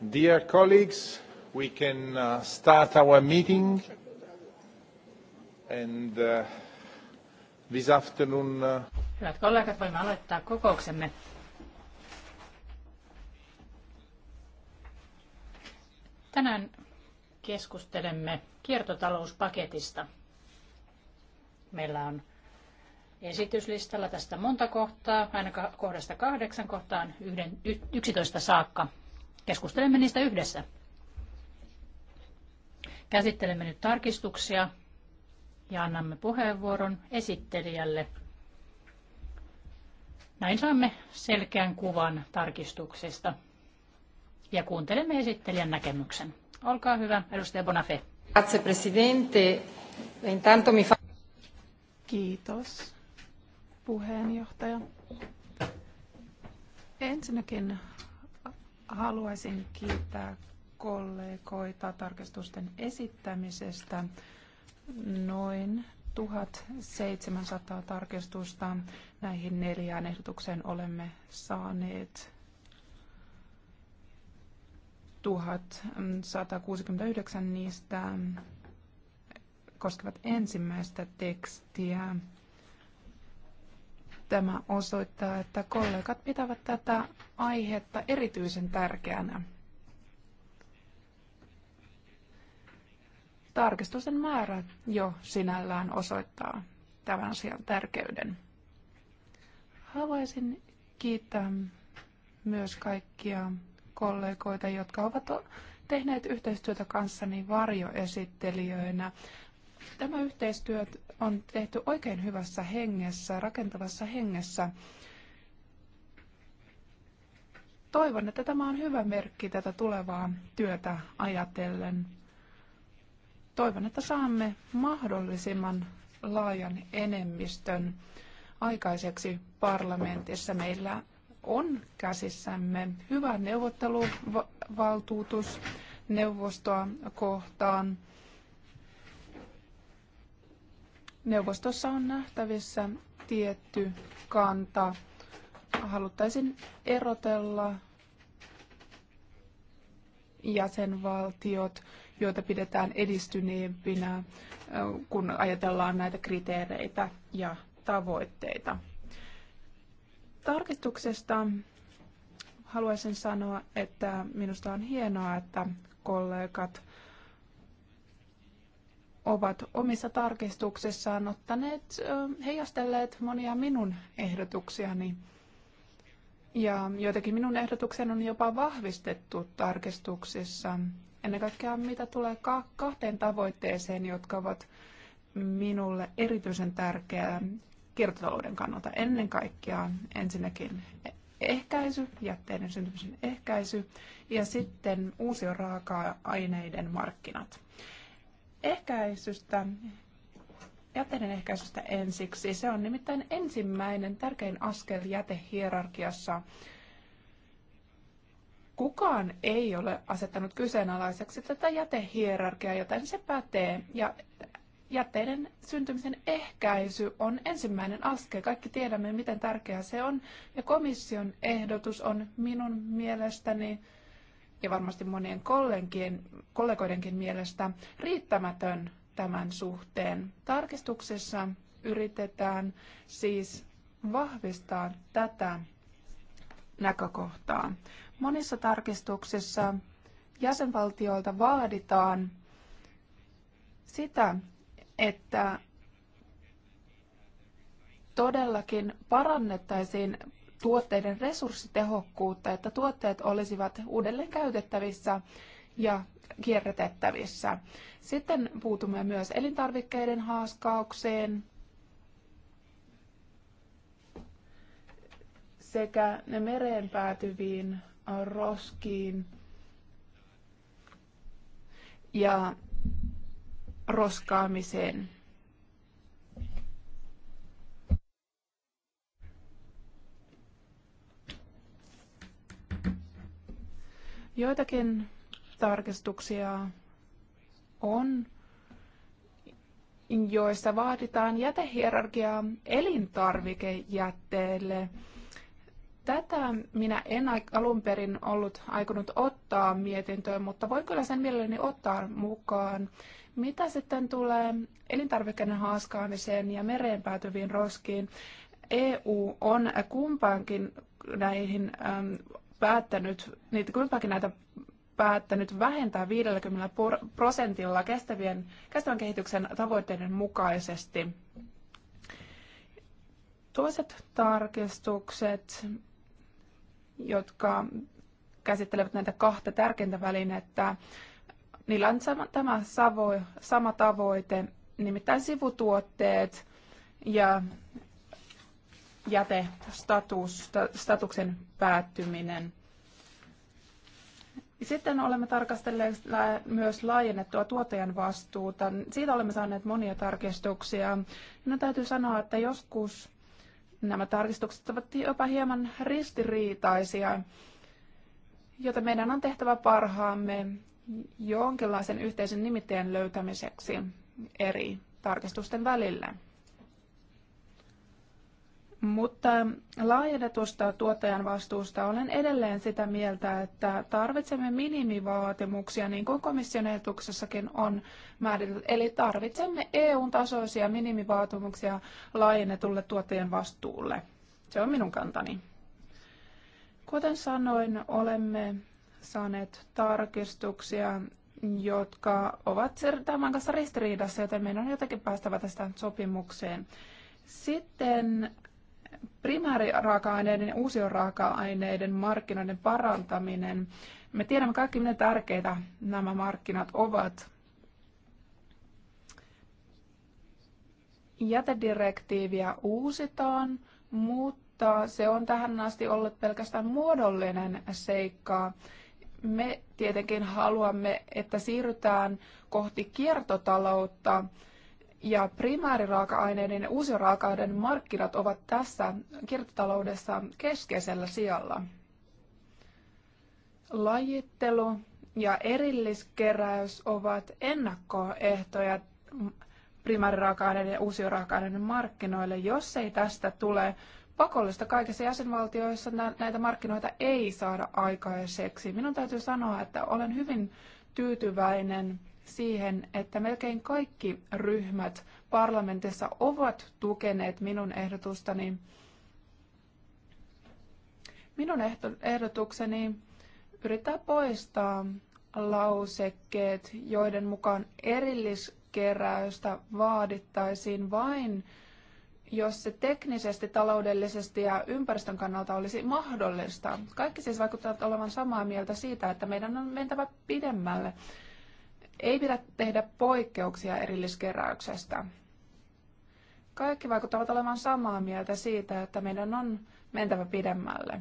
Dear colleagues, we can uh, start our meeting. And uh, this afternoon. Uh... Hyvät kollegat, voimme aloittaa kokouksemme. Tänään keskustelemme kiertotalouspaketista. Meillä on esityslistalla tästä monta kohtaa, aina kohdasta kahdeksan kohtaan yhden, y, 11 saakka. Keskustelemme niistä yhdessä. Käsittelemme nyt tarkistuksia ja annamme puheenvuoron esittelijälle. Näin saamme selkeän kuvan tarkistuksesta ja kuuntelemme esittelijän näkemyksen. Olkaa hyvä, edustaja Bonafé. Grazie Presidente. Intanto mi fa... Kiitos puheenjohtaja. Ensinnäkin haluaisin kiittää kollegoita tarkistusten esittämisestä. Noin 1700 tarkistusta näihin neljään ehdotukseen olemme saaneet. 1169 niistä koskevat ensimmäistä tekstiä. Tämä osoittaa, että kollegat pitävät tätä aihetta erityisen tärkeänä. Tarkistusten määrä jo sinällään osoittaa tämän asian tärkeyden. Haluaisin kiittää myös kaikkia kollegoita, jotka ovat tehneet yhteistyötä kanssani varjoesittelijöinä. Tämä yhteistyö on tehty oikein hyvässä hengessä, rakentavassa hengessä. Toivon, että tämä on hyvä merkki tätä tulevaa työtä ajatellen. Toivon, että saamme mahdollisimman laajan enemmistön aikaiseksi parlamentissa. Meillä on käsissämme hyvä neuvotteluvaltuutus neuvostoa kohtaan. neuvostossa on nähtävissä tietty kanta. Haluttaisin erotella jäsenvaltiot, joita pidetään edistyneempinä, kun ajatellaan näitä kriteereitä ja tavoitteita. Tarkistuksesta haluaisin sanoa, että minusta on hienoa, että kollegat ovat omissa tarkistuksissaan ottaneet, heijastelleet monia minun ehdotuksiani. Ja joitakin minun ehdotuksen on jopa vahvistettu tarkistuksissa. Ennen kaikkea mitä tulee kahteen tavoitteeseen, jotka ovat minulle erityisen tärkeää kiertotalouden kannalta ennen kaikkea ensinnäkin ehkäisy, jätteiden syntymisen ehkäisy ja sitten uusien raaka-aineiden markkinat ehkäisystä, jäteiden ehkäisystä ensiksi. Se on nimittäin ensimmäinen tärkein askel jätehierarkiassa. Kukaan ei ole asettanut kyseenalaiseksi tätä jätehierarkiaa, joten se pätee. Ja jätteiden syntymisen ehkäisy on ensimmäinen askel. Kaikki tiedämme, miten tärkeää se on. Ja komission ehdotus on minun mielestäni ja varmasti monien kollegoidenkin mielestä riittämätön tämän suhteen. Tarkistuksessa yritetään siis vahvistaa tätä näkökohtaa. Monissa tarkistuksissa jäsenvaltioilta vaaditaan sitä, että todellakin parannettaisiin tuotteiden resurssitehokkuutta, että tuotteet olisivat uudelleen käytettävissä ja kierrätettävissä. Sitten puutumme myös elintarvikkeiden haaskaukseen sekä ne mereen päätyviin roskiin ja roskaamiseen. Joitakin tarkistuksia on, joissa vaaditaan jätehierarkiaa elintarvikejätteelle. Tätä minä en alun perin ollut aikonut ottaa mietintöön, mutta voin kyllä sen mielelläni ottaa mukaan. Mitä sitten tulee elintarvikkeiden haaskaamiseen ja mereen päätyviin roskiin? EU on kumpaankin näihin päättänyt, niitä Grünbergin näitä päättänyt vähentää 50 prosentilla kestävien, kestävän kehityksen tavoitteiden mukaisesti. Toiset tarkistukset, jotka käsittelevät näitä kahta tärkeintä välinettä, niillä on sama, tämä savo, sama tavoite, nimittäin sivutuotteet ja jätestatuksen päättyminen. Sitten olemme tarkastelleet myös laajennettua tuottajan vastuuta. Siitä olemme saaneet monia tarkistuksia. No täytyy sanoa, että joskus nämä tarkistukset ovat jopa hieman ristiriitaisia, joten meidän on tehtävä parhaamme jonkinlaisen yhteisen nimittäjän löytämiseksi eri tarkistusten välillä. Mutta laajennetusta tuottajan vastuusta olen edelleen sitä mieltä, että tarvitsemme minimivaatimuksia, niin kuin komission ehdotuksessakin on määritelty. Eli tarvitsemme EU-tasoisia minimivaatimuksia laajennetulle tuottajan vastuulle. Se on minun kantani. Kuten sanoin, olemme saaneet tarkistuksia, jotka ovat tämän kanssa ristiriidassa, joten meidän on jotenkin päästävä tästä sopimukseen. Sitten primääriraaka-aineiden ja uusioraaka-aineiden markkinoiden parantaminen. Me tiedämme kaikki, miten tärkeitä nämä markkinat ovat. Jätedirektiiviä uusitaan, mutta se on tähän asti ollut pelkästään muodollinen seikka. Me tietenkin haluamme, että siirrytään kohti kiertotaloutta, ja primääriraaka-aineiden ja raaka-aineiden markkinat ovat tässä kiertotaloudessa keskeisellä sijalla. Lajittelu ja erilliskeräys ovat ennakkoehtoja primääriraaka-aineiden ja uusien aineiden markkinoille. Jos ei tästä tule pakollista kaikissa jäsenvaltioissa, näitä markkinoita ei saada aikaiseksi. Minun täytyy sanoa, että olen hyvin tyytyväinen – siihen, että melkein kaikki ryhmät parlamentissa ovat tukeneet minun ehdotustani. Minun ehdotukseni yrittää poistaa lausekkeet, joiden mukaan erilliskeräystä vaadittaisiin vain, jos se teknisesti, taloudellisesti ja ympäristön kannalta olisi mahdollista. Kaikki siis vaikuttavat olevan samaa mieltä siitä, että meidän on mentävä pidemmälle ei pidä tehdä poikkeuksia erilliskeräyksestä. Kaikki vaikuttavat olevan samaa mieltä siitä, että meidän on mentävä pidemmälle.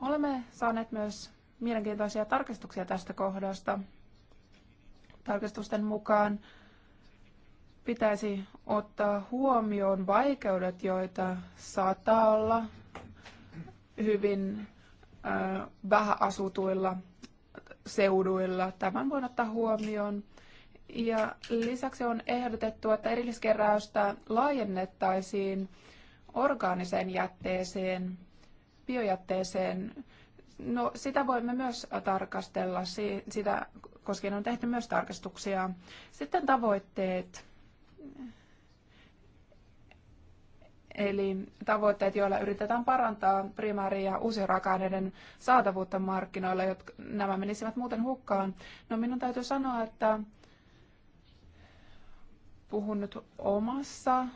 Olemme saaneet myös mielenkiintoisia tarkistuksia tästä kohdasta. Tarkistusten mukaan pitäisi ottaa huomioon vaikeudet, joita saattaa olla hyvin vähäasutuilla seuduilla. Tämän voin ottaa huomioon. Ja lisäksi on ehdotettu, että erilliskeräystä laajennettaisiin orgaaniseen jätteeseen, biojätteeseen. No, sitä voimme myös tarkastella, sitä koskien on tehty myös tarkastuksia. Sitten tavoitteet eli tavoitteet, joilla yritetään parantaa primääri- ja uusirakaneiden saatavuutta markkinoilla, jotka nämä menisivät muuten hukkaan. No minun täytyy sanoa, että puhun nyt omassa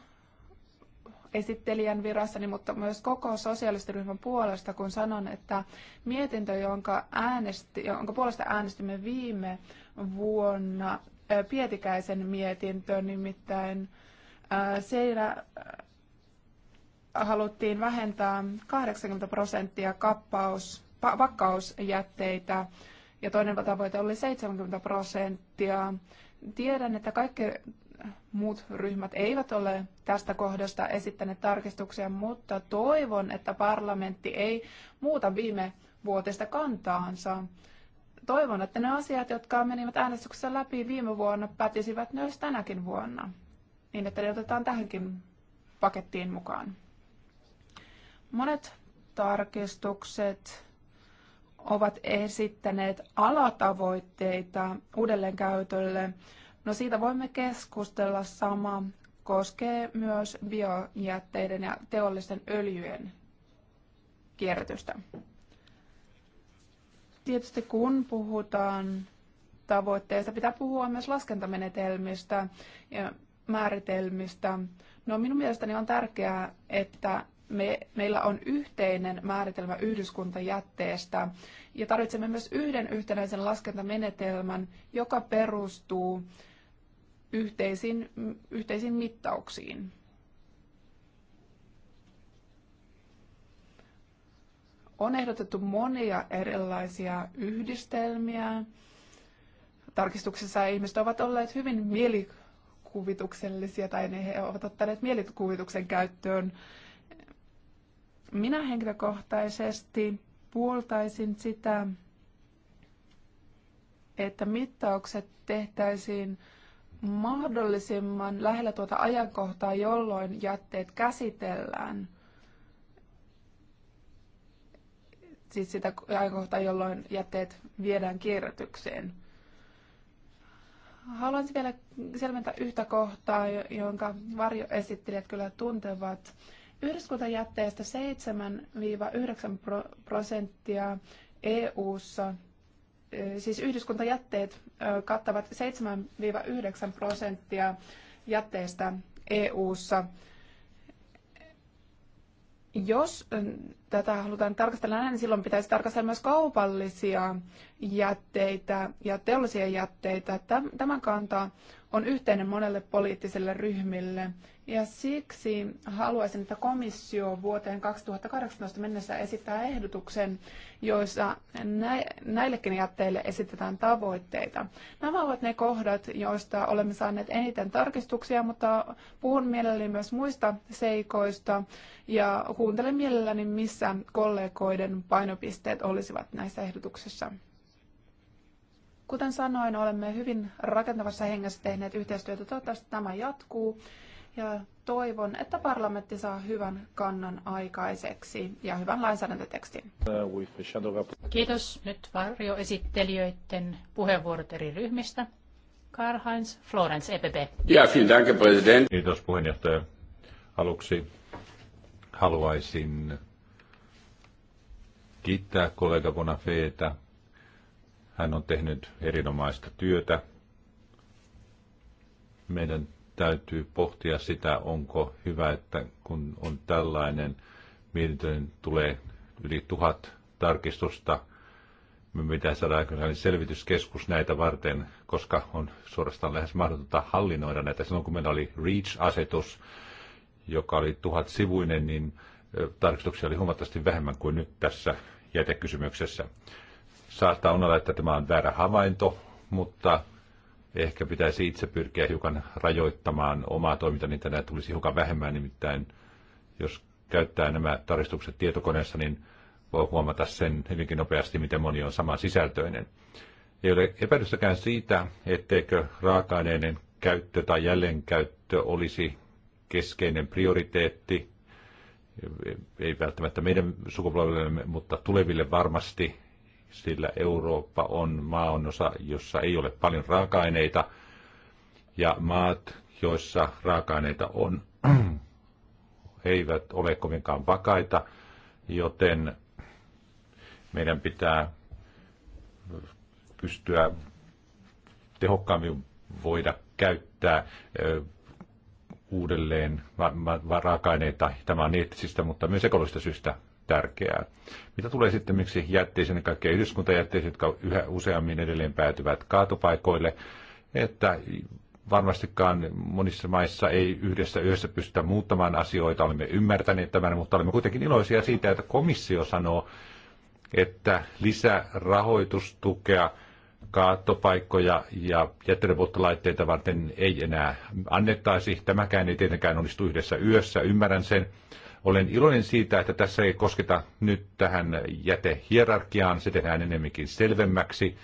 esittelijän virassani, mutta myös koko sosiaalistiryhmän puolesta, kun sanon, että mietintö, jonka, äänesti, jonka puolesta äänestimme viime vuonna, Pietikäisen mietintö nimittäin, siellä haluttiin vähentää 80 prosenttia kappaus, pakkausjätteitä ja toinen tavoite oli 70 prosenttia. Tiedän, että kaikki muut ryhmät eivät ole tästä kohdasta esittäneet tarkistuksia, mutta toivon, että parlamentti ei muuta viime vuotista kantaansa. Toivon, että ne asiat, jotka menivät äänestyksessä läpi viime vuonna, pätisivät myös tänäkin vuonna, niin että ne otetaan tähänkin pakettiin mukaan. Monet tarkistukset ovat esittäneet alatavoitteita uudelleenkäytölle. No siitä voimme keskustella sama koskee myös biojätteiden ja teollisten öljyjen kierrätystä. Tietysti kun puhutaan tavoitteista, pitää puhua myös laskentamenetelmistä ja määritelmistä. No minun mielestäni on tärkeää, että me, meillä on yhteinen määritelmä yhdyskuntajätteestä ja tarvitsemme myös yhden yhtenäisen laskentamenetelmän, joka perustuu yhteisiin, yhteisiin mittauksiin. On ehdotettu monia erilaisia yhdistelmiä. Tarkistuksessa ihmiset ovat olleet hyvin mielikuvituksellisia tai ne he ovat ottaneet mielikuvituksen käyttöön minä henkilökohtaisesti puoltaisin sitä, että mittaukset tehtäisiin mahdollisimman lähellä tuota ajankohtaa, jolloin jätteet käsitellään. Siis sitä ajankohtaa, jolloin jätteet viedään kierrätykseen. Haluaisin vielä selventää yhtä kohtaa, jonka varjoesittelijät kyllä tuntevat. Yhdyskuntajätteestä 7-9 prosenttia EU-ssa, eh, siis yhdyskuntajätteet eh, kattavat 7-9 prosenttia jätteestä EU-ssa. Jos eh, tätä halutaan tarkastella näin, niin silloin pitäisi tarkastella myös kaupallisia jätteitä ja teollisia jätteitä. Tämä kanta on yhteinen monelle poliittiselle ryhmille. Ja siksi haluaisin, että komissio vuoteen 2018 mennessä esittää ehdotuksen, joissa näillekin jätteille esitetään tavoitteita. Nämä ovat ne kohdat, joista olemme saaneet eniten tarkistuksia, mutta puhun mielelläni myös muista seikoista ja kuuntelen mielelläni, missä kollegoiden painopisteet olisivat näissä ehdotuksissa. Kuten sanoin, olemme hyvin rakentavassa hengessä tehneet yhteistyötä. Toivottavasti tämä jatkuu ja toivon, että parlamentti saa hyvän kannan aikaiseksi ja hyvän lainsäädäntötekstin. Kiitos. Nyt varjoesittelijöiden puheenvuorot eri ryhmistä. Karl-Heinz Florence, EPP. Ja, vielen dank, president. Kiitos puheenjohtaja. Aluksi haluaisin kiittää kollega Bonafeeta. Hän on tehnyt erinomaista työtä. Meidän täytyy pohtia sitä, onko hyvä, että kun on tällainen mietintö, niin tulee yli tuhat tarkistusta, mitä saada aikaan selvityskeskus näitä varten, koska on suorastaan lähes mahdotonta hallinnoida näitä. Silloin kun meillä oli REACH-asetus, joka oli tuhat sivuinen, niin tarkistuksia oli huomattavasti vähemmän kuin nyt tässä jätekysymyksessä. Saattaa olla, että tämä on väärä havainto, mutta Ehkä pitäisi itse pyrkiä hiukan rajoittamaan omaa toimintaa, niin tänään tulisi hiukan vähemmän, nimittäin jos käyttää nämä tarkistukset tietokoneessa, niin voi huomata sen hyvinkin nopeasti, miten moni on sisältöinen. Ei ole epäilystäkään siitä, etteikö raaka-aineiden käyttö tai jälleenkäyttö olisi keskeinen prioriteetti, ei välttämättä meidän sukupolvillemme, mutta tuleville varmasti, sillä Eurooppa on maanosa, jossa ei ole paljon raaka-aineita, ja maat, joissa raaka-aineita on, eivät ole kovinkaan vakaita, joten meidän pitää pystyä tehokkaammin voida käyttää uudelleen raaka-aineita. Tämä on eettisistä, mutta myös ekologisista syistä tärkeää. Mitä tulee sitten miksi jätteisiin, niin kaikkea yhdyskuntajätteisiin, jotka yhä useammin edelleen päätyvät kaatopaikoille, että varmastikaan monissa maissa ei yhdessä yössä pystytä muuttamaan asioita, olemme ymmärtäneet tämän, mutta olemme kuitenkin iloisia siitä, että komissio sanoo, että lisärahoitustukea kaattopaikkoja ja jätteidenpolttolaitteita varten ei enää annettaisi. Tämäkään ei tietenkään onnistu yhdessä yössä, ymmärrän sen, olen iloinen siitä, että tässä ei kosketa nyt tähän jätehierarkiaan, se tehdään enemmänkin selvemmäksi.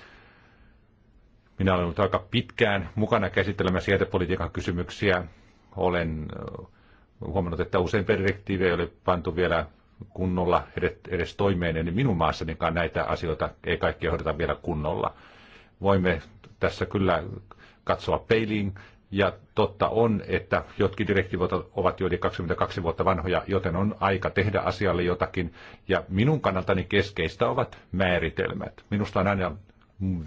Minä olen ollut aika pitkään mukana käsittelemässä jätepolitiikan kysymyksiä. Olen äh, huomannut, että usein direktiivejä ei ole pantu vielä kunnolla edes toimeen, niin minun maassanikaan näitä asioita ei kaikkia hoideta vielä kunnolla. Voimme tässä kyllä katsoa peiliin ja totta on, että jotkin direktiivit ovat jo yli 22 vuotta vanhoja, joten on aika tehdä asialle jotakin. Ja minun kannaltani keskeistä ovat määritelmät. Minusta on aina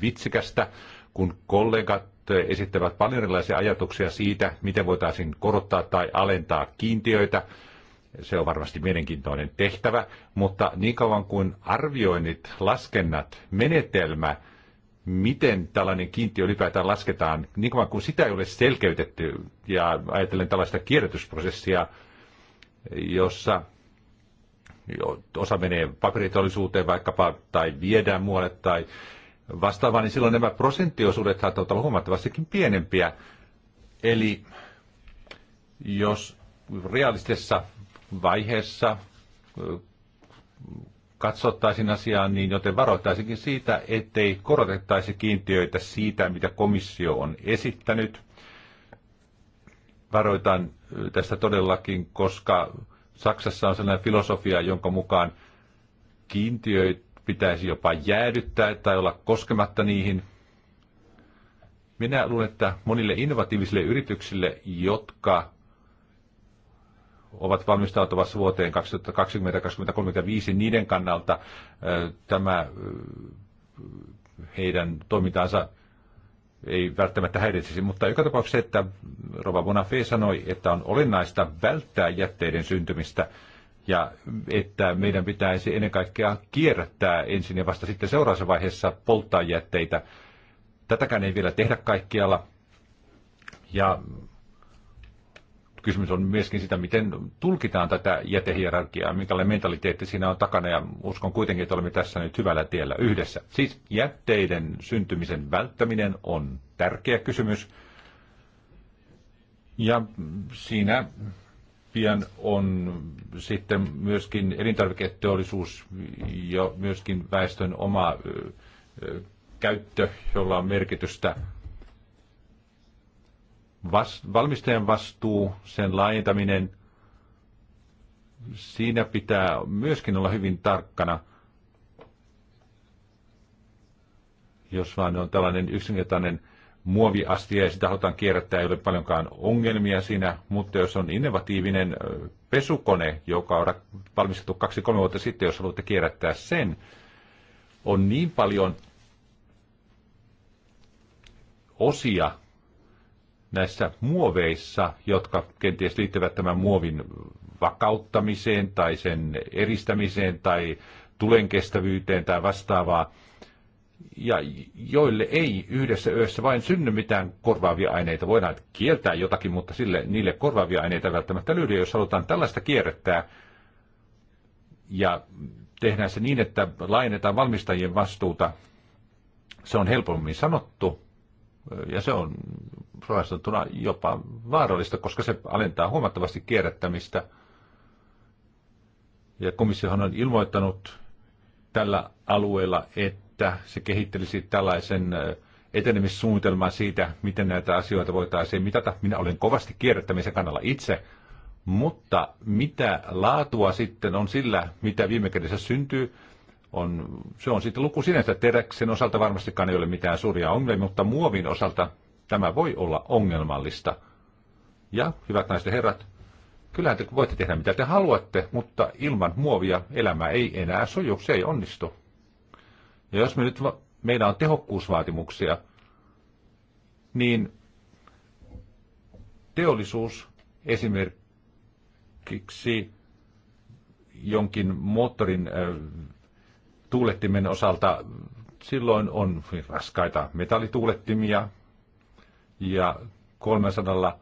vitsikästä, kun kollegat esittävät paljon erilaisia ajatuksia siitä, miten voitaisiin korottaa tai alentaa kiintiöitä. Se on varmasti mielenkiintoinen tehtävä, mutta niin kauan kuin arvioinnit, laskennat, menetelmä – miten tällainen kiintiö ylipäätään lasketaan, niin kuin kun sitä ei ole selkeytetty, ja ajatellen tällaista kierrätysprosessia, jossa osa menee paperiteollisuuteen vaikkapa, tai viedään muualle, tai vastaavaa, niin silloin nämä prosenttiosuudet saattavat olla huomattavastikin pienempiä. Eli jos realistisessa vaiheessa katsottaisiin asiaa, niin joten varoittaisinkin siitä, ettei korotettaisi kiintiöitä siitä, mitä komissio on esittänyt. Varoitan tästä todellakin, koska Saksassa on sellainen filosofia, jonka mukaan kiintiöitä pitäisi jopa jäädyttää tai olla koskematta niihin. Minä luulen, että monille innovatiivisille yrityksille, jotka ovat valmistautuvassa vuoteen 2020-2035 niiden kannalta tämä heidän toimintaansa ei välttämättä häiritsisi, mutta joka tapauksessa, että Rova Bonafé sanoi, että on olennaista välttää jätteiden syntymistä ja että meidän pitäisi ennen kaikkea kierrättää ensin ja vasta sitten seuraavassa vaiheessa polttaa jätteitä. Tätäkään ei vielä tehdä kaikkialla. Ja kysymys on myöskin sitä, miten tulkitaan tätä jätehierarkiaa, minkälainen mentaliteetti siinä on takana, ja uskon kuitenkin, että olemme tässä nyt hyvällä tiellä yhdessä. Siis jätteiden syntymisen välttäminen on tärkeä kysymys, ja siinä pian on sitten myöskin elintarviketeollisuus ja myöskin väestön oma käyttö, jolla on merkitystä – vas, valmistajan vastuu, sen laajentaminen, siinä pitää myöskin olla hyvin tarkkana, jos vaan on tällainen yksinkertainen muoviastia ja sitä halutaan kierrättää, ei ole paljonkaan ongelmia siinä, mutta jos on innovatiivinen pesukone, joka on valmistettu kaksi-kolme vuotta sitten, jos haluatte kierrättää sen, on niin paljon osia, näissä muoveissa, jotka kenties liittyvät tämän muovin vakauttamiseen tai sen eristämiseen tai tulenkestävyyteen tai vastaavaa, ja joille ei yhdessä yössä vain synny mitään korvaavia aineita. Voidaan kieltää jotakin, mutta sille, niille korvaavia aineita välttämättä löydy, jos halutaan tällaista kierrättää. Ja tehdään se niin, että laajennetaan valmistajien vastuuta. Se on helpommin sanottu ja se on suorastaan jopa vaarallista, koska se alentaa huomattavasti kierrättämistä. Ja komissiohan on ilmoittanut tällä alueella, että se kehittelisi tällaisen etenemissuunnitelman siitä, miten näitä asioita voitaisiin mitata. Minä olen kovasti kierrättämisen kannalla itse, mutta mitä laatua sitten on sillä, mitä viime kädessä syntyy, on, se on sitten luku sinänsä. Teräksen e osalta varmastikaan ei ole mitään suuria ongelmia, mutta muovin osalta Tämä voi olla ongelmallista. Ja, hyvät naiset ja herrat, kyllähän te voitte tehdä mitä te haluatte, mutta ilman muovia elämä ei enää suju, se ei onnistu. Ja jos me nyt, meillä on tehokkuusvaatimuksia, niin teollisuus esimerkiksi jonkin moottorin tuulettimen osalta silloin on raskaita metallituulettimia, ja 300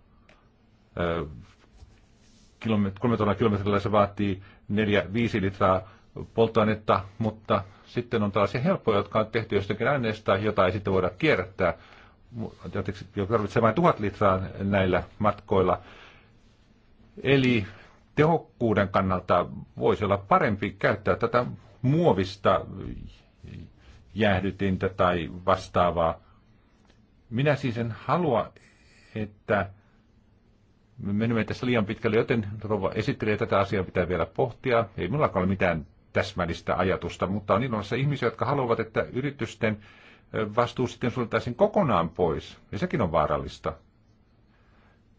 kilometrillä, kilometrillä se vaatii 4-5 litraa polttoainetta, mutta sitten on tällaisia helppoja, jotka on tehty jostakin aineesta, jota ei sitten voida kierrättää. Jotenkin tarvitsee vain tuhat litraa näillä matkoilla. Eli tehokkuuden kannalta voisi olla parempi käyttää tätä muovista jäähdytintä tai vastaavaa minä siis en halua, että me menemme tässä liian pitkälle, joten rouva esittelee tätä asiaa pitää vielä pohtia. Ei minullakaan ole mitään täsmällistä ajatusta, mutta on ilmassa ihmisiä, jotka haluavat, että yritysten vastuu sitten suljettaisiin kokonaan pois, ja sekin on vaarallista.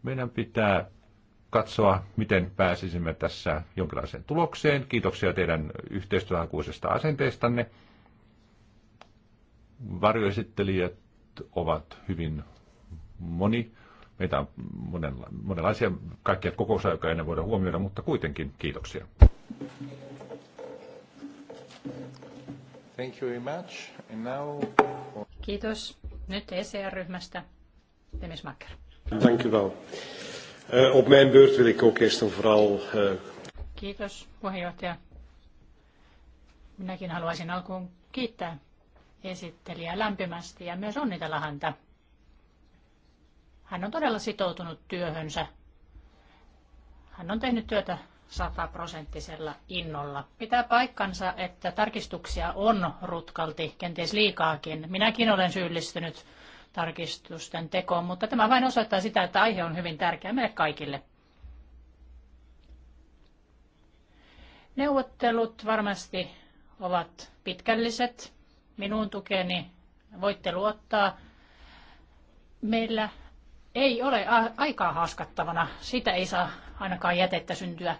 Meidän pitää katsoa, miten pääsisimme tässä jonkinlaiseen tulokseen. Kiitoksia teidän yhteistyöhakuisesta asenteestanne. Varjoesittelijät ovat hyvin moni. Meitä on monenla- monenlaisia kaikkia kokousaikoja ennen voida huomioida, mutta kuitenkin kiitoksia. Thank you very much. And now... Kiitos. Nyt ECR-ryhmästä Demis Makker. Thank you well. Uh, eh, op mijn beurt wil ik ook eerst en vooral... Uh... Kiitos, puheenjohtaja. Minäkin haluaisin alkuun kiittää esittelijä lämpimästi ja myös onnitella häntä. Hän on todella sitoutunut työhönsä. Hän on tehnyt työtä sataprosenttisella innolla. Pitää paikkansa, että tarkistuksia on rutkalti, kenties liikaakin. Minäkin olen syyllistynyt tarkistusten tekoon, mutta tämä vain osoittaa sitä, että aihe on hyvin tärkeä meille kaikille. Neuvottelut varmasti ovat pitkälliset minun tukeni voitte luottaa. Meillä ei ole aikaa haaskattavana. Sitä ei saa ainakaan jätettä syntyä.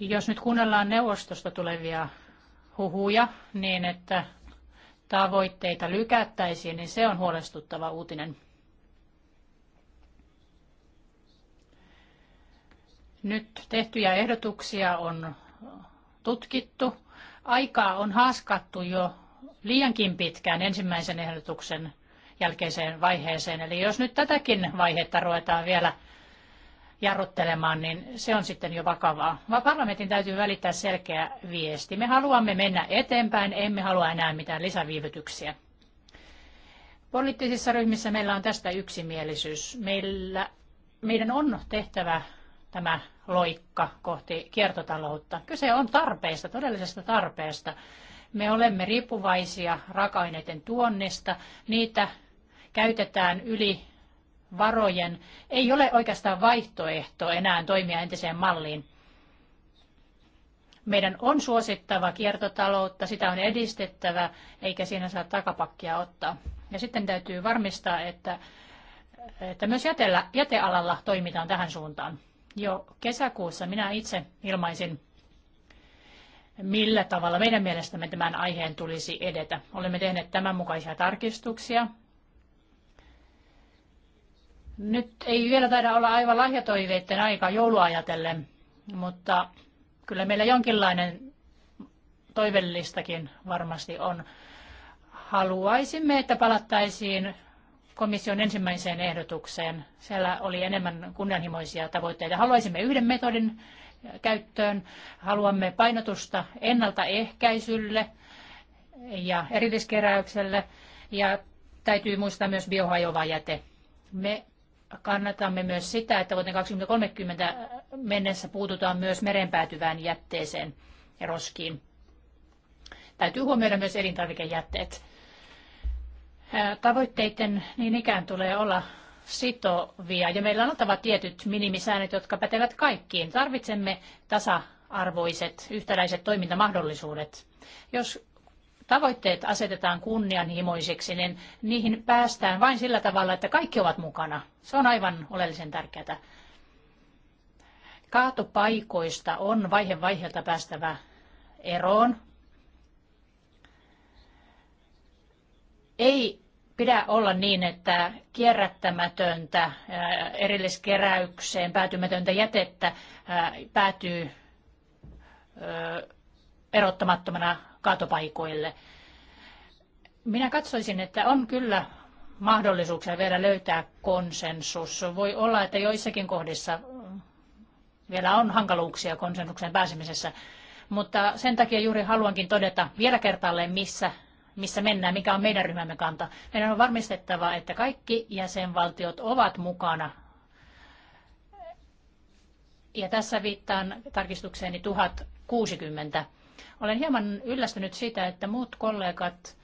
Jos nyt kuunnellaan neuvostosta tulevia huhuja, niin että tavoitteita lykättäisiin, niin se on huolestuttava uutinen. Nyt tehtyjä ehdotuksia on tutkittu Aikaa on haaskattu jo liiankin pitkään ensimmäisen ehdotuksen jälkeiseen vaiheeseen. Eli jos nyt tätäkin vaihetta ruvetaan vielä jarruttelemaan, niin se on sitten jo vakavaa. Vaan parlamentin täytyy välittää selkeä viesti. Me haluamme mennä eteenpäin, emme halua enää mitään lisäviivytyksiä. Poliittisissa ryhmissä meillä on tästä yksimielisyys. Meillä, meidän on tehtävä tämä loikka kohti kiertotaloutta. Kyse on tarpeesta, todellisesta tarpeesta. Me olemme riippuvaisia raaka-aineiden tuonnista. Niitä käytetään yli varojen. Ei ole oikeastaan vaihtoehto enää toimia entiseen malliin. Meidän on suosittava kiertotaloutta, sitä on edistettävä, eikä siinä saa takapakkia ottaa. Ja sitten täytyy varmistaa, että, että myös jätealalla toimitaan tähän suuntaan jo kesäkuussa minä itse ilmaisin, millä tavalla meidän mielestämme tämän aiheen tulisi edetä. Olemme tehneet tämän mukaisia tarkistuksia. Nyt ei vielä taida olla aivan lahjatoiveiden aika jouluajatellen, mutta kyllä meillä jonkinlainen toivellistakin varmasti on. Haluaisimme, että palattaisiin komission ensimmäiseen ehdotukseen. Siellä oli enemmän kunnianhimoisia tavoitteita. Haluaisimme yhden metodin käyttöön. Haluamme painotusta ennaltaehkäisylle ja erilliskeräykselle. Ja täytyy muistaa myös biohajoava jäte. Me kannatamme myös sitä, että vuoteen 2030 mennessä puututaan myös merenpäätyvään jätteeseen ja roskiin. Täytyy huomioida myös elintarvikejätteet. Tavoitteiden niin ikään tulee olla sitovia ja meillä on oltava tietyt minimisäännöt, jotka pätevät kaikkiin. Tarvitsemme tasa-arvoiset, yhtäläiset toimintamahdollisuudet. Jos tavoitteet asetetaan kunnianhimoisiksi, niin niihin päästään vain sillä tavalla, että kaikki ovat mukana. Se on aivan oleellisen tärkeää. Kaatopaikoista on vaihe vaiheelta päästävä eroon. Ei pidä olla niin, että kierrättämätöntä, äh, erilliskeräykseen päätymätöntä jätettä äh, päätyy äh, erottamattomana kaatopaikoille. Minä katsoisin, että on kyllä mahdollisuuksia vielä löytää konsensus. Voi olla, että joissakin kohdissa vielä on hankaluuksia konsensukseen pääsemisessä, mutta sen takia juuri haluankin todeta vielä kertaalleen, missä missä mennään, mikä on meidän ryhmämme kanta. Meidän on varmistettava, että kaikki jäsenvaltiot ovat mukana. Ja tässä viittaan tarkistukseeni 1060. Olen hieman yllästynyt siitä, että muut kollegat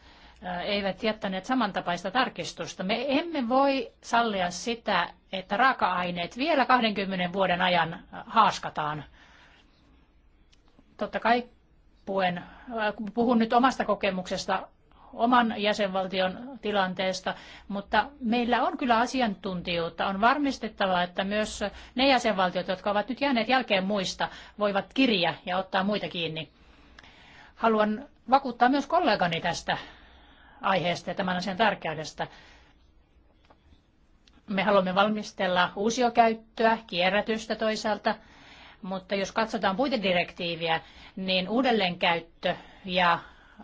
eivät jättäneet samantapaista tarkistusta. Me emme voi sallia sitä, että raaka-aineet vielä 20 vuoden ajan haaskataan. Totta kai puen, puhun nyt omasta kokemuksesta oman jäsenvaltion tilanteesta, mutta meillä on kyllä asiantuntijuutta. On varmistettava, että myös ne jäsenvaltiot, jotka ovat nyt jääneet jälkeen muista, voivat kirja ja ottaa muita kiinni. Haluan vakuuttaa myös kollegani tästä aiheesta ja tämän asian tärkeydestä. Me haluamme valmistella uusiokäyttöä, kierrätystä toisaalta, mutta jos katsotaan puitedirektiiviä, niin uudelleenkäyttö ja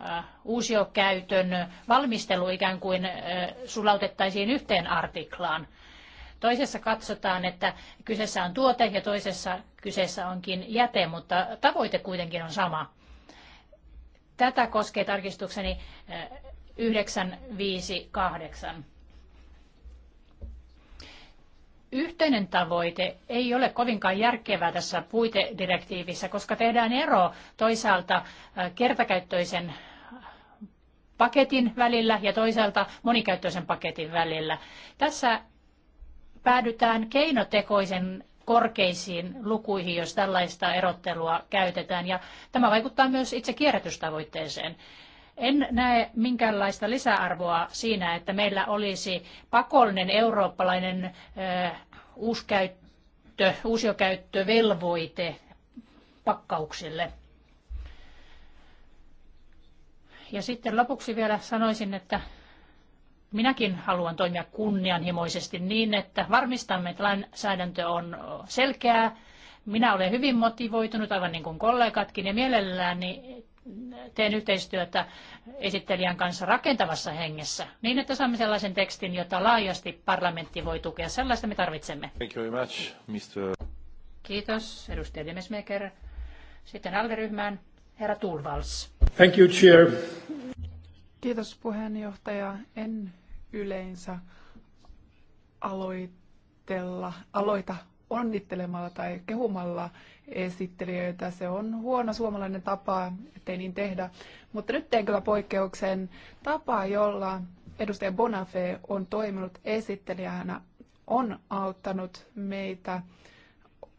Äh, uusiokäytön valmistelu ikään kuin äh, sulautettaisiin yhteen artiklaan. Toisessa katsotaan, että kyseessä on tuote ja toisessa kyseessä onkin jäte, mutta tavoite kuitenkin on sama. Tätä koskee tarkistukseni 958. Äh, yhteinen tavoite ei ole kovinkaan järkevää tässä puitedirektiivissä, koska tehdään ero toisaalta äh, kertakäyttöisen paketin välillä ja toisaalta monikäyttöisen paketin välillä. Tässä päädytään keinotekoisen korkeisiin lukuihin, jos tällaista erottelua käytetään. Ja tämä vaikuttaa myös itse kierrätystavoitteeseen. En näe minkäänlaista lisäarvoa siinä, että meillä olisi pakollinen eurooppalainen eh, uuskäyttö, uusiokäyttövelvoite pakkauksille. Ja sitten lopuksi vielä sanoisin, että minäkin haluan toimia kunnianhimoisesti niin, että varmistamme, että lainsäädäntö on selkeää. Minä olen hyvin motivoitunut, aivan niin kuin kollegatkin, ja mielelläni teen yhteistyötä esittelijän kanssa rakentavassa hengessä, niin että saamme sellaisen tekstin, jota laajasti parlamentti voi tukea. Sellaista me tarvitsemme. Thank you very much, Mr. Kiitos, edustaja Demesmaker. Sitten alderyhmään herra Tulvals. Thank you, Chair. Kiitos puheenjohtaja. En yleensä aloitella, aloita onnittelemalla tai kehumalla esittelijöitä. Se on huono suomalainen tapa, ettei niin tehdä. Mutta nyt teen kyllä poikkeuksen. Tapa, jolla edustaja Bonafé on toiminut esittelijänä, on auttanut meitä.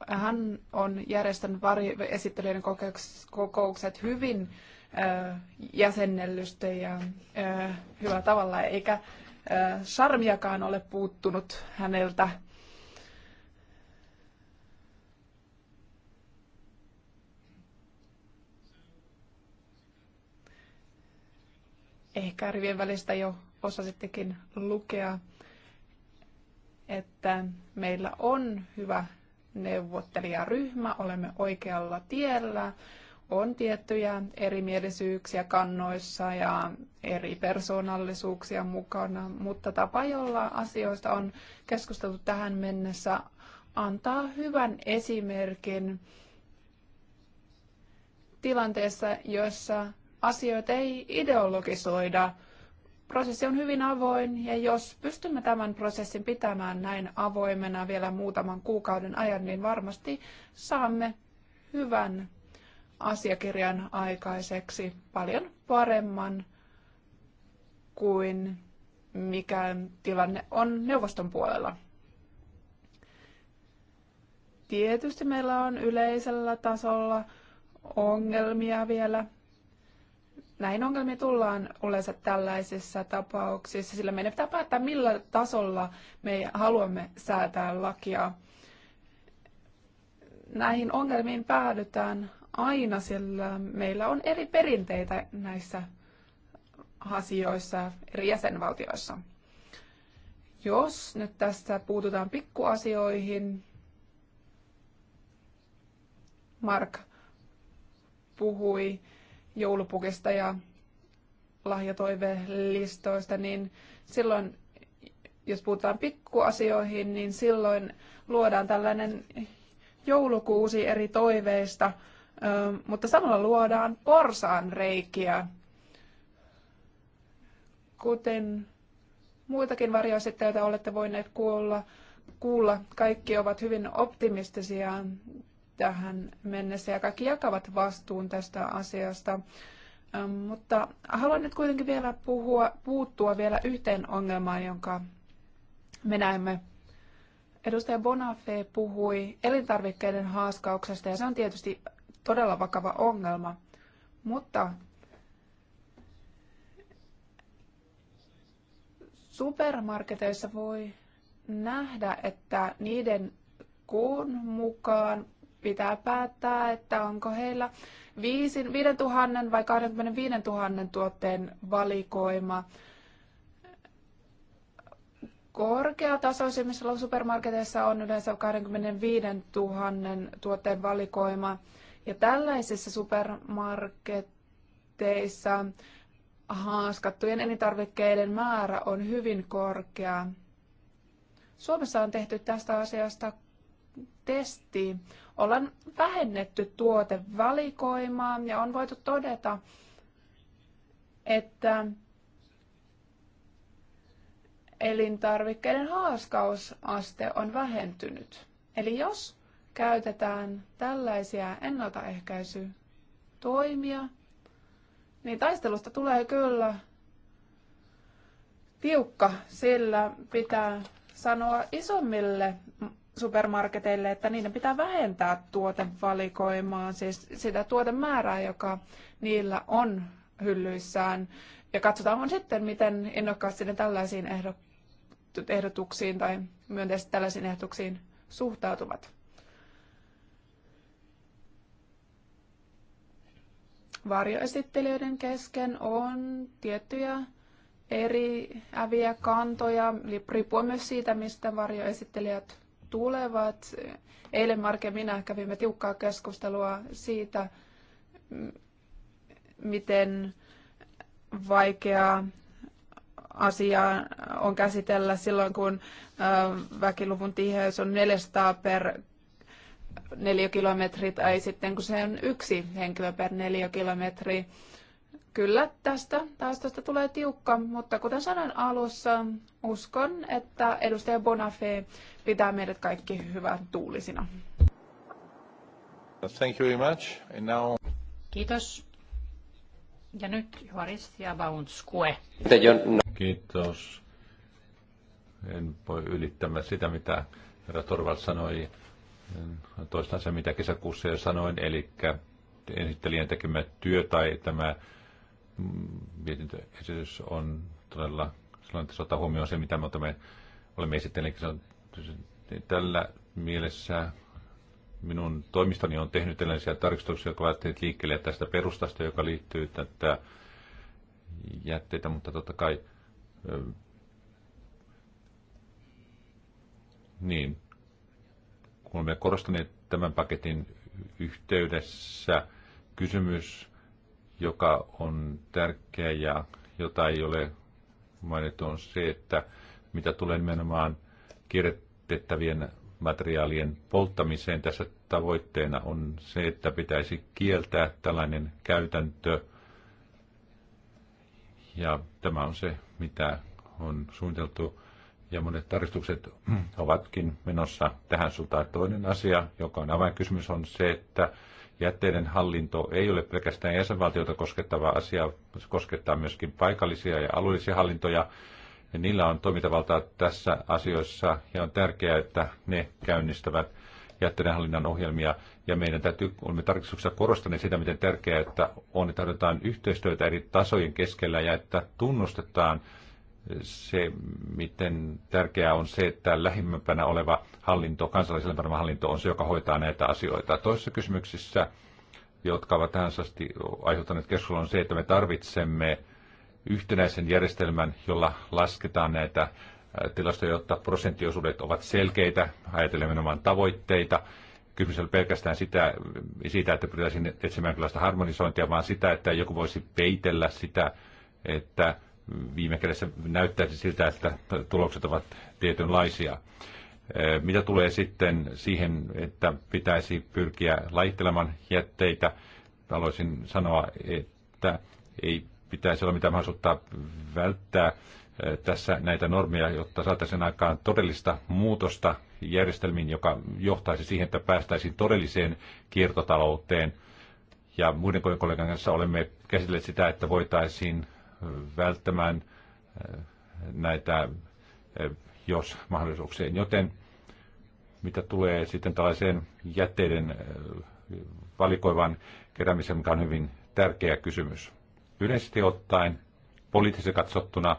Hän on järjestänyt esittelijöiden kokoukset hyvin jäsennellysti ja hyvällä tavalla, eikä charmiakaan ole puuttunut häneltä Ehkä rivien välistä jo osasittekin lukea, että meillä on hyvä neuvottelijaryhmä, olemme oikealla tiellä, on tiettyjä erimielisyyksiä kannoissa ja eri persoonallisuuksia mukana, mutta tapa, jolla asioista on keskusteltu tähän mennessä, antaa hyvän esimerkin tilanteessa, jossa asioita ei ideologisoida. Prosessi on hyvin avoin ja jos pystymme tämän prosessin pitämään näin avoimena vielä muutaman kuukauden ajan, niin varmasti saamme hyvän asiakirjan aikaiseksi paljon paremman kuin mikä tilanne on neuvoston puolella. Tietysti meillä on yleisellä tasolla ongelmia vielä näihin ongelmiin tullaan yleensä tällaisissa tapauksissa, sillä meidän pitää päättää, millä tasolla me haluamme säätää lakia. Näihin ongelmiin päädytään aina, sillä meillä on eri perinteitä näissä asioissa eri jäsenvaltioissa. Jos nyt tässä puututaan pikkuasioihin, Mark puhui joulupukista ja lahjatoivelistoista, niin silloin, jos puhutaan pikkuasioihin, niin silloin luodaan tällainen joulukuusi eri toiveista, mutta samalla luodaan porsaan reikiä, kuten muitakin varjoesittäjiltä olette voineet kuulla, kuulla, kaikki ovat hyvin optimistisia tähän mennessä ja kaikki jakavat vastuun tästä asiasta. Ähm, mutta haluan nyt kuitenkin vielä puhua, puuttua vielä yhteen ongelmaan, jonka me näemme. Edustaja Bonafé puhui elintarvikkeiden haaskauksesta ja se on tietysti todella vakava ongelma. Mutta supermarketeissa voi nähdä, että niiden koon mukaan pitää päättää, että onko heillä 5 000 vai 25 000 tuotteen valikoima. Korkeatasoisimmissa supermarketeissa on yleensä 25 000 tuotteen valikoima. Ja tällaisissa supermarketeissa haaskattujen elintarvikkeiden määrä on hyvin korkea. Suomessa on tehty tästä asiasta testi ollaan vähennetty tuotevalikoimaa ja on voitu todeta, että elintarvikkeiden haaskausaste on vähentynyt. Eli jos käytetään tällaisia ennaltaehkäisytoimia, niin taistelusta tulee kyllä tiukka, sillä pitää sanoa isommille supermarketeille, että niiden pitää vähentää tuotevalikoimaa, siis sitä tuotemäärää, joka niillä on hyllyissään. Ja katsotaan sitten, miten innokkaasti ne tällaisiin ehdotuksiin tai myönteisesti tällaisiin ehdotuksiin suhtautuvat. Varjoesittelijöiden kesken on tiettyjä eri äviä kantoja, riippuen myös siitä, mistä varjoesittelijät tulevat. Eilen Marke ja minä kävimme tiukkaa keskustelua siitä, miten vaikeaa asiaa on käsitellä silloin, kun väkiluvun tiheys on 400 per neliökilometri tai sitten kun se on yksi henkilö per neliökilometri. kilometri Kyllä, tästä taustasta tulee tiukka, mutta kuten sanoin alussa, uskon, että edustaja Bonafé pitää meidät kaikki hyvän tuulisina. Thank you very much. And now... Kiitos. Ja nyt Juharis ja Baunskue. Kiitos. En voi ylittämään sitä, mitä herra Torvald sanoi. Toistan se, mitä kesäkuussa jo sanoin, eli esittelijän tekemä työ tai tämä mietintöesitys on todella silloin, että se ottaa huomioon se, mitä me otamme, olemme esitelleet. Tällä mielessä minun toimistoni on tehnyt tällaisia tarkistuksia, jotka lähtevät liikkeelle tästä perustasta, joka liittyy tätä jätteitä, mutta totta kai niin, kun olemme korostaneet tämän paketin yhteydessä kysymys joka on tärkeä ja jota ei ole mainittu, on se, että mitä tulee nimenomaan kierrätettävien materiaalien polttamiseen. Tässä tavoitteena on se, että pitäisi kieltää tällainen käytäntö. Ja tämä on se, mitä on suunniteltu. Ja monet tarkistukset ovatkin menossa tähän suuntaan. Toinen asia, joka on avainkysymys, on se, että Jätteiden hallinto ei ole pelkästään jäsenvaltiota koskettava asia, se koskettaa myöskin paikallisia ja alueellisia hallintoja. Ja niillä on toimintavaltaa tässä asioissa ja on tärkeää, että ne käynnistävät jätteiden hallinnan ohjelmia. Ja meidän täytyy, olemme tarkistuksessa korostaneet sitä, miten tärkeää, että on, että yhteistyötä eri tasojen keskellä ja että tunnustetaan se, miten tärkeää on se, että lähimmäpänä oleva hallinto, kansallisella hallinto on se, joka hoitaa näitä asioita. Toisessa kysymyksissä, jotka ovat tähän asti aiheuttaneet keskustelua, on se, että me tarvitsemme yhtenäisen järjestelmän, jolla lasketaan näitä tilastoja, jotta prosenttiosuudet ovat selkeitä, ajatellen nimenomaan tavoitteita. Kysymys ei ole pelkästään sitä, siitä, että pyritäisiin etsimään harmonisointia, vaan sitä, että joku voisi peitellä sitä, että viime kädessä näyttäisi siltä, että tulokset ovat tietynlaisia. Mitä tulee sitten siihen, että pitäisi pyrkiä laittelemaan jätteitä, haluaisin sanoa, että ei pitäisi olla mitään mahdollisuutta välttää tässä näitä normeja, jotta saataisiin aikaan todellista muutosta järjestelmiin, joka johtaisi siihen, että päästäisiin todelliseen kiertotalouteen. Ja muiden kollegan kanssa olemme käsitelleet sitä, että voitaisiin välttämään eh, näitä, eh, jos mahdollisuuksiin. Joten mitä tulee sitten tällaiseen jätteiden eh, valikoivan keräämiseen, mikä on hyvin tärkeä kysymys. Yleisesti ottaen, poliittisesti katsottuna,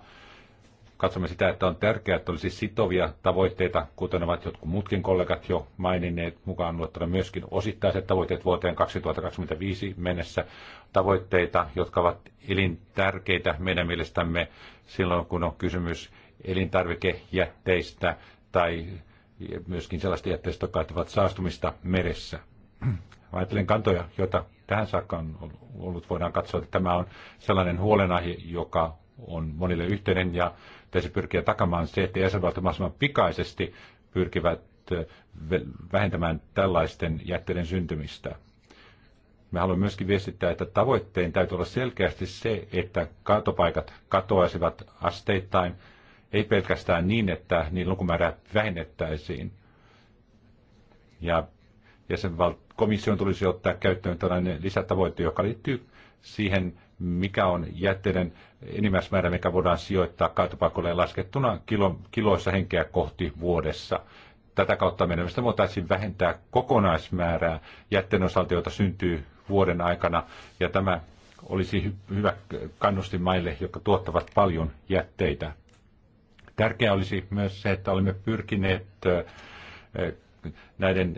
katsomme sitä, että on tärkeää, että olisi sitovia tavoitteita, kuten ovat jotkut muutkin kollegat jo maininneet, mukaan luettuna myöskin osittaiset tavoitteet vuoteen 2025 mennessä, tavoitteita, jotka ovat elintärkeitä meidän mielestämme silloin, kun on kysymys elintarvikejätteistä tai myöskin sellaista jätteistä, jotka ovat saastumista meressä. Ajattelen kantoja, joita tähän saakka on ollut, voidaan katsoa, että tämä on sellainen huolenaihe, joka on monille yhteinen ja pitäisi pyrkiä takamaan se, että jäsenvaltiot mahdollisimman pikaisesti pyrkivät vähentämään tällaisten jätteiden syntymistä. Me haluamme myöskin viestittää, että tavoitteen täytyy olla selkeästi se, että kaatopaikat katoaisivat asteittain, ei pelkästään niin, että niin lukumäärää vähennettäisiin. Ja jäsenval- komission tulisi ottaa käyttöön tällainen lisätavoite, joka liittyy siihen, mikä on jätteiden enimmäismäärä, mikä voidaan sijoittaa kaatopaikoille laskettuna kilo, kiloissa henkeä kohti vuodessa. Tätä kautta menemistä voitaisiin vähentää kokonaismäärää jätteen osalta, joita syntyy vuoden aikana, ja tämä olisi hy- hyvä kannustin maille, jotka tuottavat paljon jätteitä. Tärkeää olisi myös se, että olemme pyrkineet näiden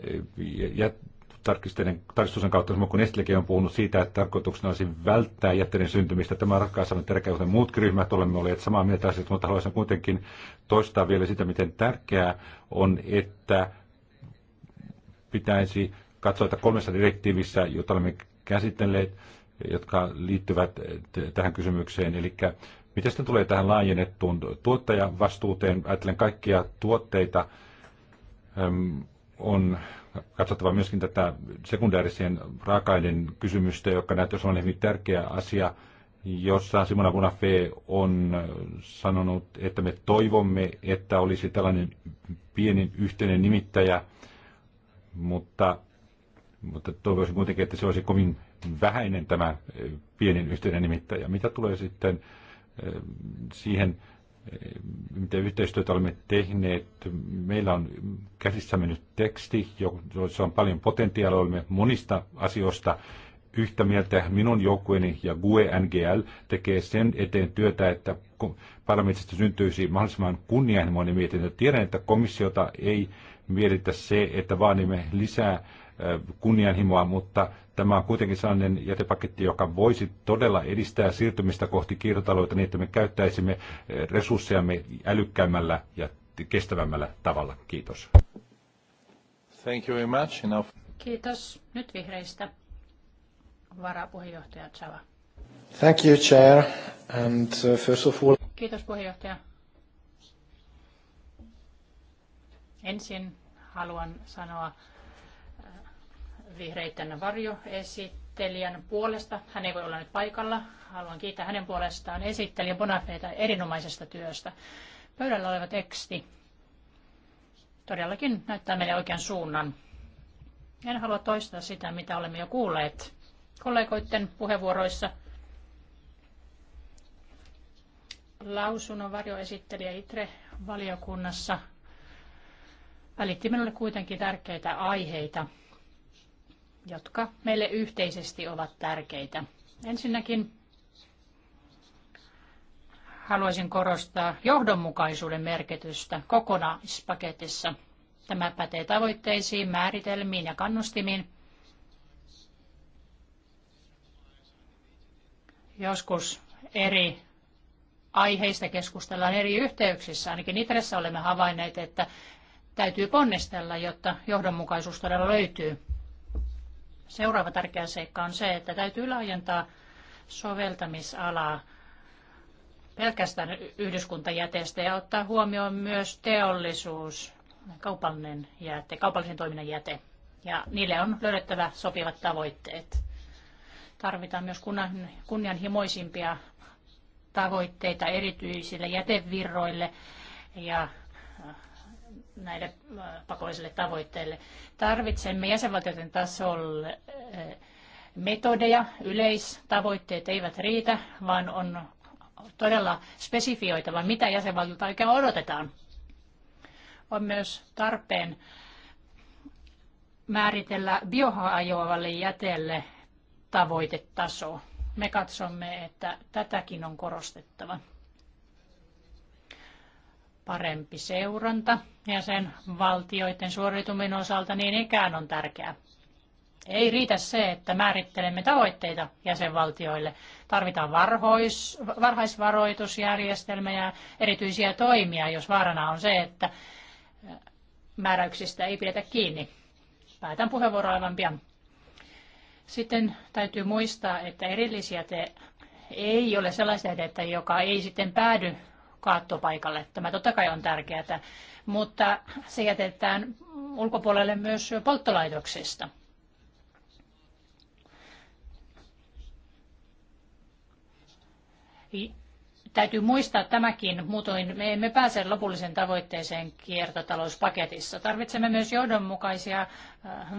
tarkisteiden tarkistuksen kautta, kun Estlikin on puhunut siitä, että tarkoituksena olisi välttää jätteiden syntymistä. Tämä on tärkeä, kuten muutkin ryhmät olemme olleet samaa mieltä asiasta, mutta haluaisin kuitenkin toistaa vielä sitä, miten tärkeää on, että pitäisi katsoa, että kolmessa direktiivissä, jota olemme käsitelleet, jotka liittyvät tähän kysymykseen, eli mitä sitten tulee tähän laajennettuun tuottajavastuuteen? Ajattelen kaikkia tuotteita. on katsottava myöskin tätä sekundäärisien raaka kysymystä, joka näyttää olevan hyvin tärkeä asia, jossa Simona Bonafé on sanonut, että me toivomme, että olisi tällainen pienin yhteinen nimittäjä, mutta, mutta toivoisin kuitenkin, että se olisi kovin vähäinen tämä eh, pienin yhteinen nimittäjä. Mitä tulee sitten eh, siihen, mitä yhteistyötä olemme tehneet. Meillä on käsissämme nyt teksti, jossa on paljon potentiaalia. Olemme monista asioista yhtä mieltä. Minun joukkueeni ja GUE NGL tekee sen eteen työtä, että parlamentista syntyisi mahdollisimman kunnianhimoinen mietintö. Tiedän, että komissiota ei mietitä se, että vaanimme lisää kunnianhimoa, mutta Tämä on kuitenkin sellainen jätepaketti, joka voisi todella edistää siirtymistä kohti kiertotaloutta niin, että me käyttäisimme eh, resurssejamme älykkäämmällä ja kestävämmällä tavalla. Kiitos. Thank you very much. Enough. Kiitos. Nyt vihreistä varapuheenjohtaja Chava. Thank you, Chair. And uh, first of all... Kiitos puheenjohtaja. Ensin haluan sanoa vihreiden varjoesittelijän puolesta. Hän ei voi olla nyt paikalla. Haluan kiittää hänen puolestaan esittelijä Bonafeita erinomaisesta työstä. Pöydällä oleva teksti todellakin näyttää meille oikean suunnan. En halua toistaa sitä, mitä olemme jo kuulleet kollegoiden puheenvuoroissa. Lausunnon varjoesittelijä Itre valiokunnassa välitti minulle kuitenkin tärkeitä aiheita – jotka meille yhteisesti ovat tärkeitä. Ensinnäkin haluaisin korostaa johdonmukaisuuden merkitystä kokonaispaketissa. Tämä pätee tavoitteisiin, määritelmiin ja kannustimiin. Joskus eri aiheista keskustellaan eri yhteyksissä. Ainakin Itressä olemme havainneet, että täytyy ponnistella, jotta johdonmukaisuus todella löytyy. Seuraava tärkeä seikka on se, että täytyy laajentaa soveltamisalaa pelkästään yhdyskuntajäteestä ja ottaa huomioon myös teollisuus, kaupallinen jäte, kaupallisen toiminnan jäte. Ja niille on löydettävä sopivat tavoitteet. Tarvitaan myös kunnianhimoisimpia tavoitteita erityisille jätevirroille ja näille äh, pakollisille tavoitteille. Tarvitsemme jäsenvaltioiden tasolle äh, metodeja, yleistavoitteet eivät riitä, vaan on todella spesifioitava, mitä jäsenvaltiolta oikein odotetaan. On myös tarpeen määritellä biohajoavalle jäteelle tavoitetaso. Me katsomme, että tätäkin on korostettava. Parempi seuranta jäsenvaltioiden suoriutuminen osalta niin ikään on tärkeää. Ei riitä se, että määrittelemme tavoitteita jäsenvaltioille. Tarvitaan varhois, varhaisvaroitusjärjestelmä ja erityisiä toimia, jos vaarana on se, että määräyksistä ei pidetä kiinni. Päätän puheenvuoro aivan pian. Sitten täytyy muistaa, että erillisiä te ei ole sellaista että joka ei sitten päädy kaattopaikalle. Tämä totta kai on tärkeää mutta se jätetään ulkopuolelle myös polttolaitoksista. Täytyy muistaa tämäkin, muutoin me emme pääse lopulliseen tavoitteeseen kiertotalouspaketissa. Tarvitsemme myös johdonmukaisia äh,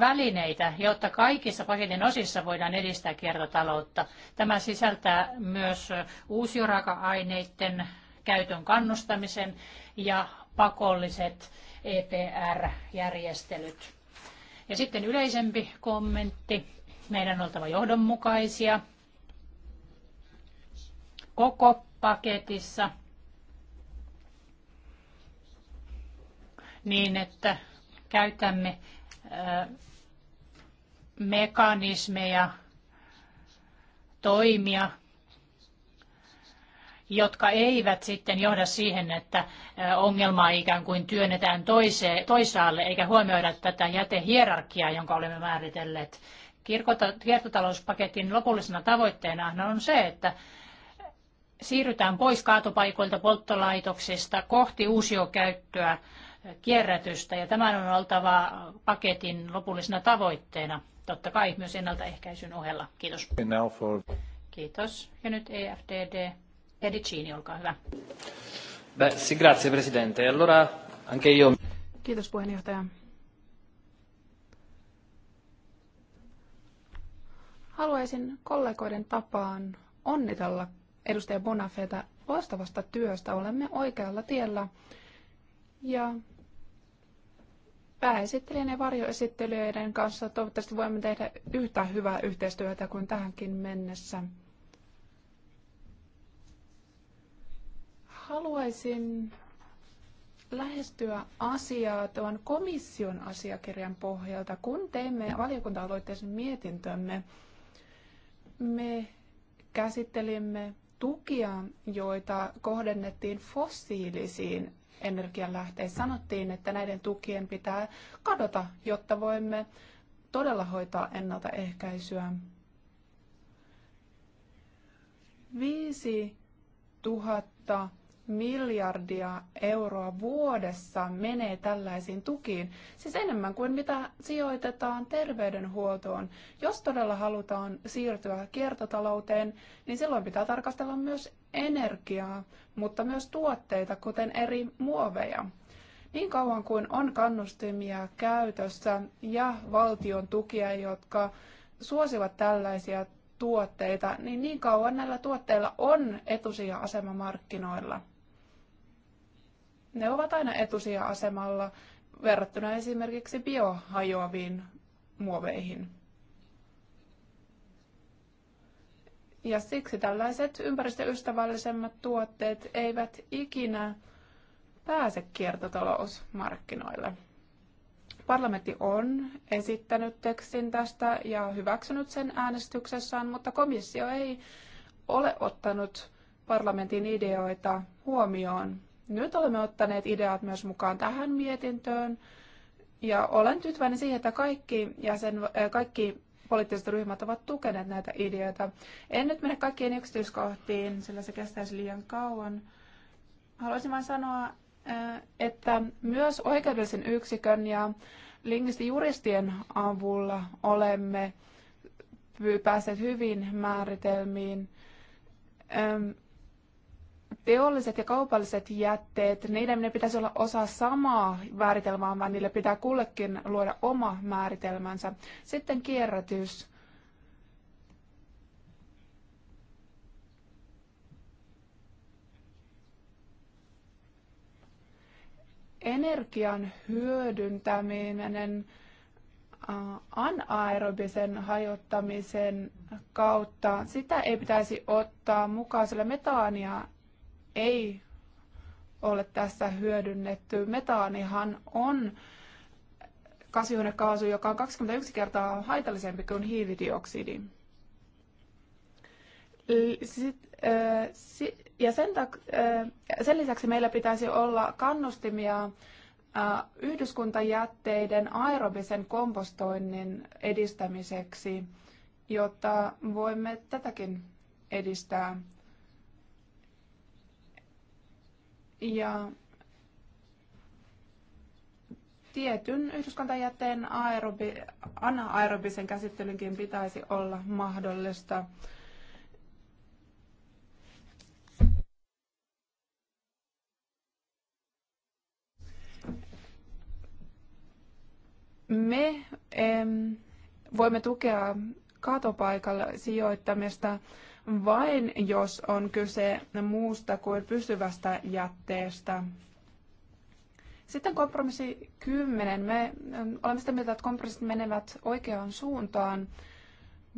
välineitä, jotta kaikissa paketin osissa voidaan edistää kiertotaloutta. Tämä sisältää myös äh, uusioraaka-aineiden käytön kannustamisen ja pakolliset EPR-järjestelyt. Ja sitten yleisempi kommentti. Meidän on oltava johdonmukaisia koko paketissa niin, että käytämme mekanismeja, toimia, jotka eivät sitten johda siihen, että ongelmaa ikään kuin työnnetään toiseen, toisaalle, eikä huomioida tätä jätehierarkiaa, jonka olemme määritelleet. Kiertotalouspaketin lopullisena tavoitteena on se, että siirrytään pois kaatopaikoilta polttolaitoksista kohti uusiokäyttöä kierrätystä, ja tämän on oltava paketin lopullisena tavoitteena, totta kai myös ennaltaehkäisyn ohella. Kiitos. Kiitos. Ja nyt EFDD. Pedicini, olkaa hyvä. grazie, presidente. Allora, anche io... Kiitos puheenjohtaja. Haluaisin kollegoiden tapaan onnitella edustaja Bonafeta loistavasta työstä. Olemme oikealla tiellä. Ja pääesittelijän ja varjoesittelijöiden kanssa toivottavasti voimme tehdä yhtä hyvää yhteistyötä kuin tähänkin mennessä. haluaisin lähestyä asiaa tuon komission asiakirjan pohjalta. Kun teimme valiokunta-aloitteisen mietintömme, me käsittelimme tukia, joita kohdennettiin fossiilisiin energianlähteisiin. Sanottiin, että näiden tukien pitää kadota, jotta voimme todella hoitaa ennaltaehkäisyä. Viisi tuhatta miljardia euroa vuodessa menee tällaisiin tukiin, siis enemmän kuin mitä sijoitetaan terveydenhuoltoon. Jos todella halutaan siirtyä kiertotalouteen, niin silloin pitää tarkastella myös energiaa, mutta myös tuotteita, kuten eri muoveja. Niin kauan kuin on kannustimia käytössä ja valtion tukia, jotka suosivat tällaisia tuotteita, niin niin kauan näillä tuotteilla on etusija asema markkinoilla ne ovat aina etusija-asemalla verrattuna esimerkiksi biohajoaviin muoveihin. Ja siksi tällaiset ympäristöystävällisemmät tuotteet eivät ikinä pääse kiertotalousmarkkinoille. Parlamentti on esittänyt tekstin tästä ja hyväksynyt sen äänestyksessään, mutta komissio ei ole ottanut parlamentin ideoita huomioon nyt olemme ottaneet ideat myös mukaan tähän mietintöön. Ja olen tyytyväinen siihen, että kaikki, jäsen, äh, kaikki poliittiset ryhmät ovat tukeneet näitä ideoita. En nyt mene kaikkiin yksityiskohtiin, sillä se kestäisi liian kauan. Haluaisin vain sanoa, äh, että myös oikeudellisen yksikön ja lingvistijuristien avulla olemme päässeet hyvin määritelmiin. Ähm, teolliset ja kaupalliset jätteet, niiden ne pitäisi olla osa samaa määritelmää, vaan niille pitää kullekin luoda oma määritelmänsä. Sitten kierrätys. Energian hyödyntäminen äh, anaerobisen hajottamisen kautta, sitä ei pitäisi ottaa mukaan, sillä metaania ei ole tässä hyödynnetty. Metaanihan on kasvihuonekaasu, joka on 21 kertaa haitallisempi kuin hiilidioksidi. Äh, ja sen, äh, sen lisäksi meillä pitäisi olla kannustimia äh, yhdyskuntajätteiden aerobisen kompostoinnin edistämiseksi, jotta voimme tätäkin edistää. Ja tietyn yhdyskuntajätteen aerobi, anaerobisen käsittelynkin pitäisi olla mahdollista. Me em, voimme tukea katopaikalla sijoittamista vain, jos on kyse muusta kuin pysyvästä jätteestä. Sitten kompromissi 10. Me ähm, olemme sitä mieltä, että kompromissit menevät oikeaan suuntaan,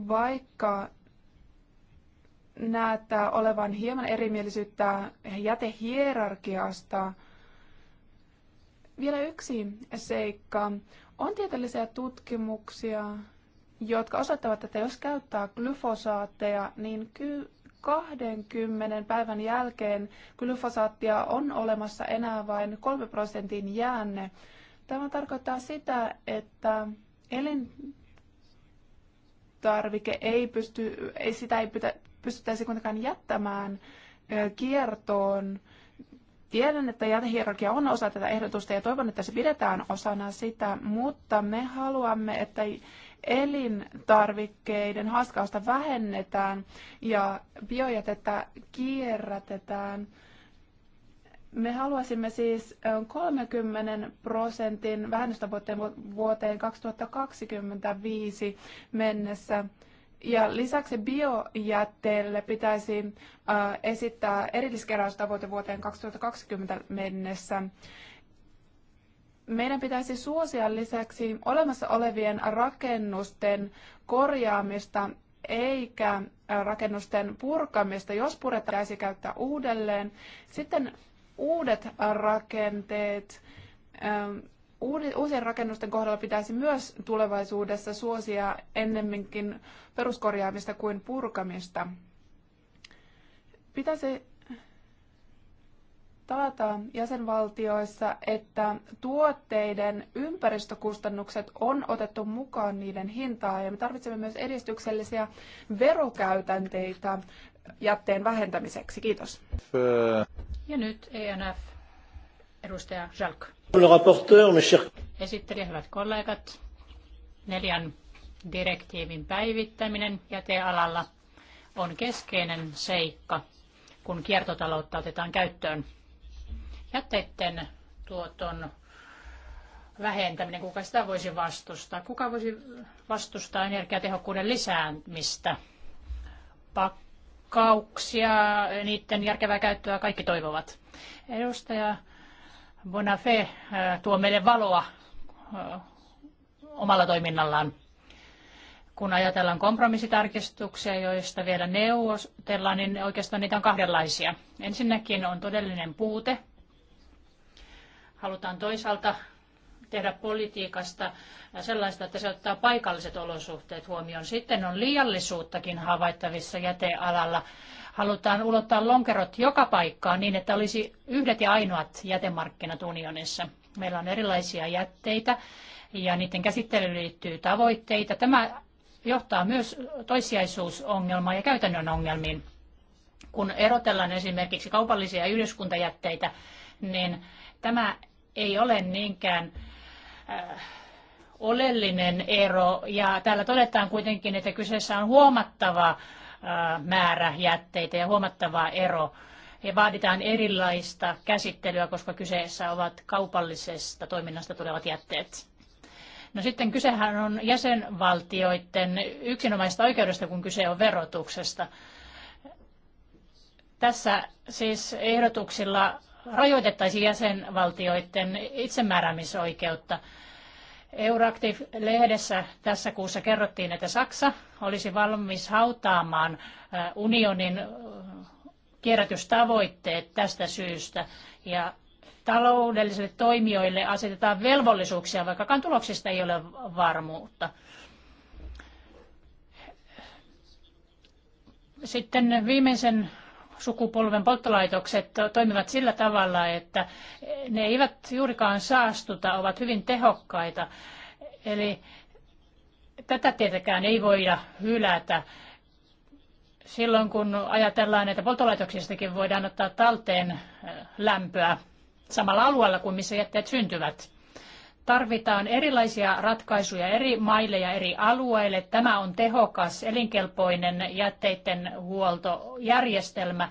vaikka näyttää olevan hieman erimielisyyttä jätehierarkiasta. Vielä yksi seikka. On tieteellisiä tutkimuksia, jotka osoittavat, että jos käyttää glyfosaatteja, niin 20 päivän jälkeen glyfosaattia on olemassa enää vain 3 prosentin jäänne. Tämä tarkoittaa sitä, että elintarvike ei pysty, ei sitä ei pytä, pystyttäisi kuitenkaan jättämään kiertoon. Tiedän, että jätehierarkia on osa tätä ehdotusta ja toivon, että se pidetään osana sitä, mutta me haluamme, että elintarvikkeiden haskausta vähennetään ja biojätettä kierrätetään. Me haluaisimme siis 30 prosentin vähennystavoitteen vuoteen 2025 mennessä. Ja lisäksi biojätteelle pitäisi esittää erilliskeräystavoite vuoteen 2020 mennessä meidän pitäisi suosia lisäksi olemassa olevien rakennusten korjaamista eikä rakennusten purkamista, jos pitäisi käyttää uudelleen. Sitten uudet rakenteet, uusien rakennusten kohdalla pitäisi myös tulevaisuudessa suosia ennemminkin peruskorjaamista kuin purkamista. Pitäisi taataan jäsenvaltioissa, että tuotteiden ympäristökustannukset on otettu mukaan niiden hintaan ja me tarvitsemme myös edistyksellisiä verokäytänteitä jätteen vähentämiseksi. Kiitos. Ja nyt ENF, edustaja Jalk. Esittelijä, hyvät kollegat. Neljän direktiivin päivittäminen jätealalla on keskeinen seikka, kun kiertotaloutta otetaan käyttöön jätteiden tuoton vähentäminen, kuka sitä voisi vastustaa? Kuka voisi vastustaa energiatehokkuuden lisäämistä? Pakkauksia, niiden järkevää käyttöä kaikki toivovat. Edustaja Bonafé äh, tuo meille valoa äh, omalla toiminnallaan. Kun ajatellaan kompromissitarkistuksia, joista vielä neuvotellaan, niin oikeastaan niitä on kahdenlaisia. Ensinnäkin on todellinen puute Halutaan toisaalta tehdä politiikasta sellaista, että se ottaa paikalliset olosuhteet huomioon. Sitten on liiallisuuttakin havaittavissa jätealalla. Halutaan ulottaa lonkerot joka paikkaan niin, että olisi yhdet ja ainoat jätemarkkinat unionissa. Meillä on erilaisia jätteitä ja niiden käsittelyyn liittyy tavoitteita. Tämä johtaa myös toissijaisuusongelmaan ja käytännön ongelmiin. Kun erotellaan esimerkiksi kaupallisia yhdyskuntajätteitä, niin Tämä ei ole niinkään äh, oleellinen ero ja täällä todetaan kuitenkin, että kyseessä on huomattava äh, määrä jätteitä ja huomattava ero He vaaditaan erilaista käsittelyä, koska kyseessä ovat kaupallisesta toiminnasta tulevat jätteet. No sitten kysehän on jäsenvaltioiden yksinomaista oikeudesta, kun kyse on verotuksesta. Tässä siis ehdotuksilla rajoitettaisiin jäsenvaltioiden itsemääräämisoikeutta. euroactive lehdessä tässä kuussa kerrottiin, että Saksa olisi valmis hautaamaan unionin kierrätystavoitteet tästä syystä. Ja taloudellisille toimijoille asetetaan velvollisuuksia, vaikkakaan tuloksista ei ole varmuutta. Sitten viimeisen sukupolven polttolaitokset toimivat sillä tavalla, että ne eivät juurikaan saastuta, ovat hyvin tehokkaita. Eli tätä tietenkään ei voida hylätä. Silloin kun ajatellaan, että polttolaitoksistakin voidaan ottaa talteen lämpöä samalla alueella kuin missä jätteet syntyvät tarvitaan erilaisia ratkaisuja eri maille ja eri alueille. Tämä on tehokas, elinkelpoinen jätteiden huoltojärjestelmä,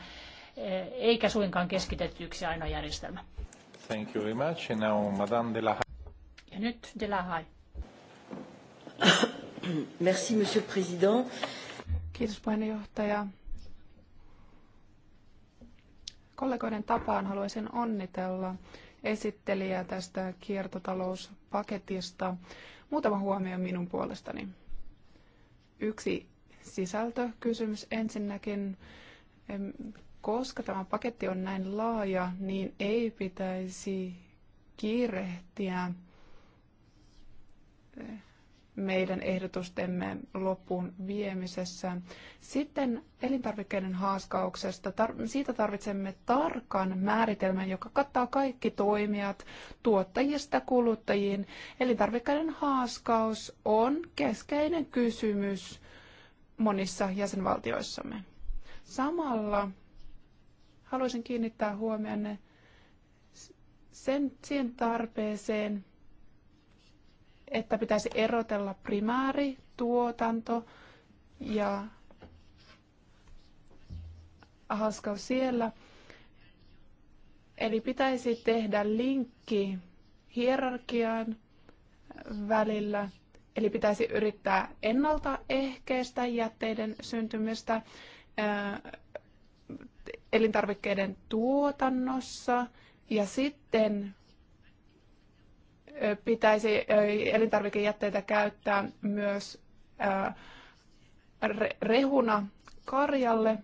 eh, eikä suinkaan keskitetty yksi ainoa järjestelmä. Thank you very much. And now Madame de la Ja nyt de la Haye. Merci, Monsieur le Président. Kiitos puheenjohtaja. Kollegoiden tapaan haluaisin onnitella esittelijä tästä kiertotalouspaketista. Muutama huomio minun puolestani. Yksi sisältökysymys ensinnäkin. Koska tämä paketti on näin laaja, niin ei pitäisi kiirehtiä meidän ehdotustemme loppuun viemisessä. Sitten elintarvikkeiden haaskauksesta. Tar- siitä tarvitsemme tarkan määritelmän, joka kattaa kaikki toimijat tuottajista kuluttajiin. Elintarvikkeiden haaskaus on keskeinen kysymys monissa jäsenvaltioissamme. Samalla haluaisin kiinnittää huomionne sen, siihen tarpeeseen, että pitäisi erotella tuotanto ja haskaus siellä. Eli pitäisi tehdä linkki hierarkian välillä. Eli pitäisi yrittää ennaltaehkäistä jätteiden syntymistä elintarvikkeiden tuotannossa ja sitten pitäisi elintarvikejätteitä käyttää myös rehuna karjalle.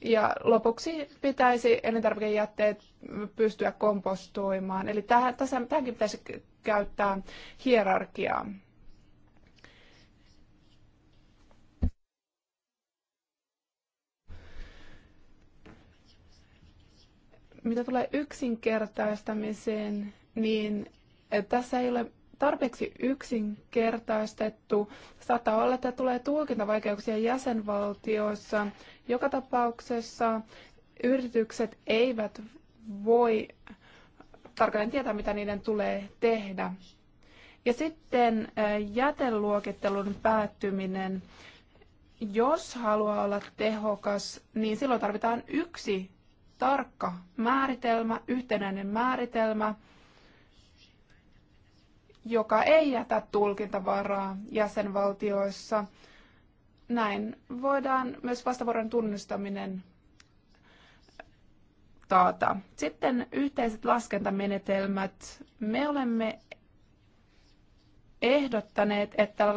Ja lopuksi pitäisi elintarvikejätteet pystyä kompostoimaan. Eli tähänkin pitäisi käyttää hierarkiaa. Mitä tulee yksinkertaistamiseen, niin tässä ei ole tarpeeksi yksinkertaistettu. Saattaa olla, että tulee tulkintavaikeuksia jäsenvaltioissa. Joka tapauksessa yritykset eivät voi tarkalleen tietää, mitä niiden tulee tehdä. Ja sitten jäteluokittelun päättyminen. Jos haluaa olla tehokas, niin silloin tarvitaan yksi tarkka määritelmä, yhtenäinen määritelmä – joka ei jätä tulkintavaraa jäsenvaltioissa. Näin voidaan myös vastavuoron tunnistaminen taata. Sitten yhteiset laskentamenetelmät. Me olemme ehdottaneet, että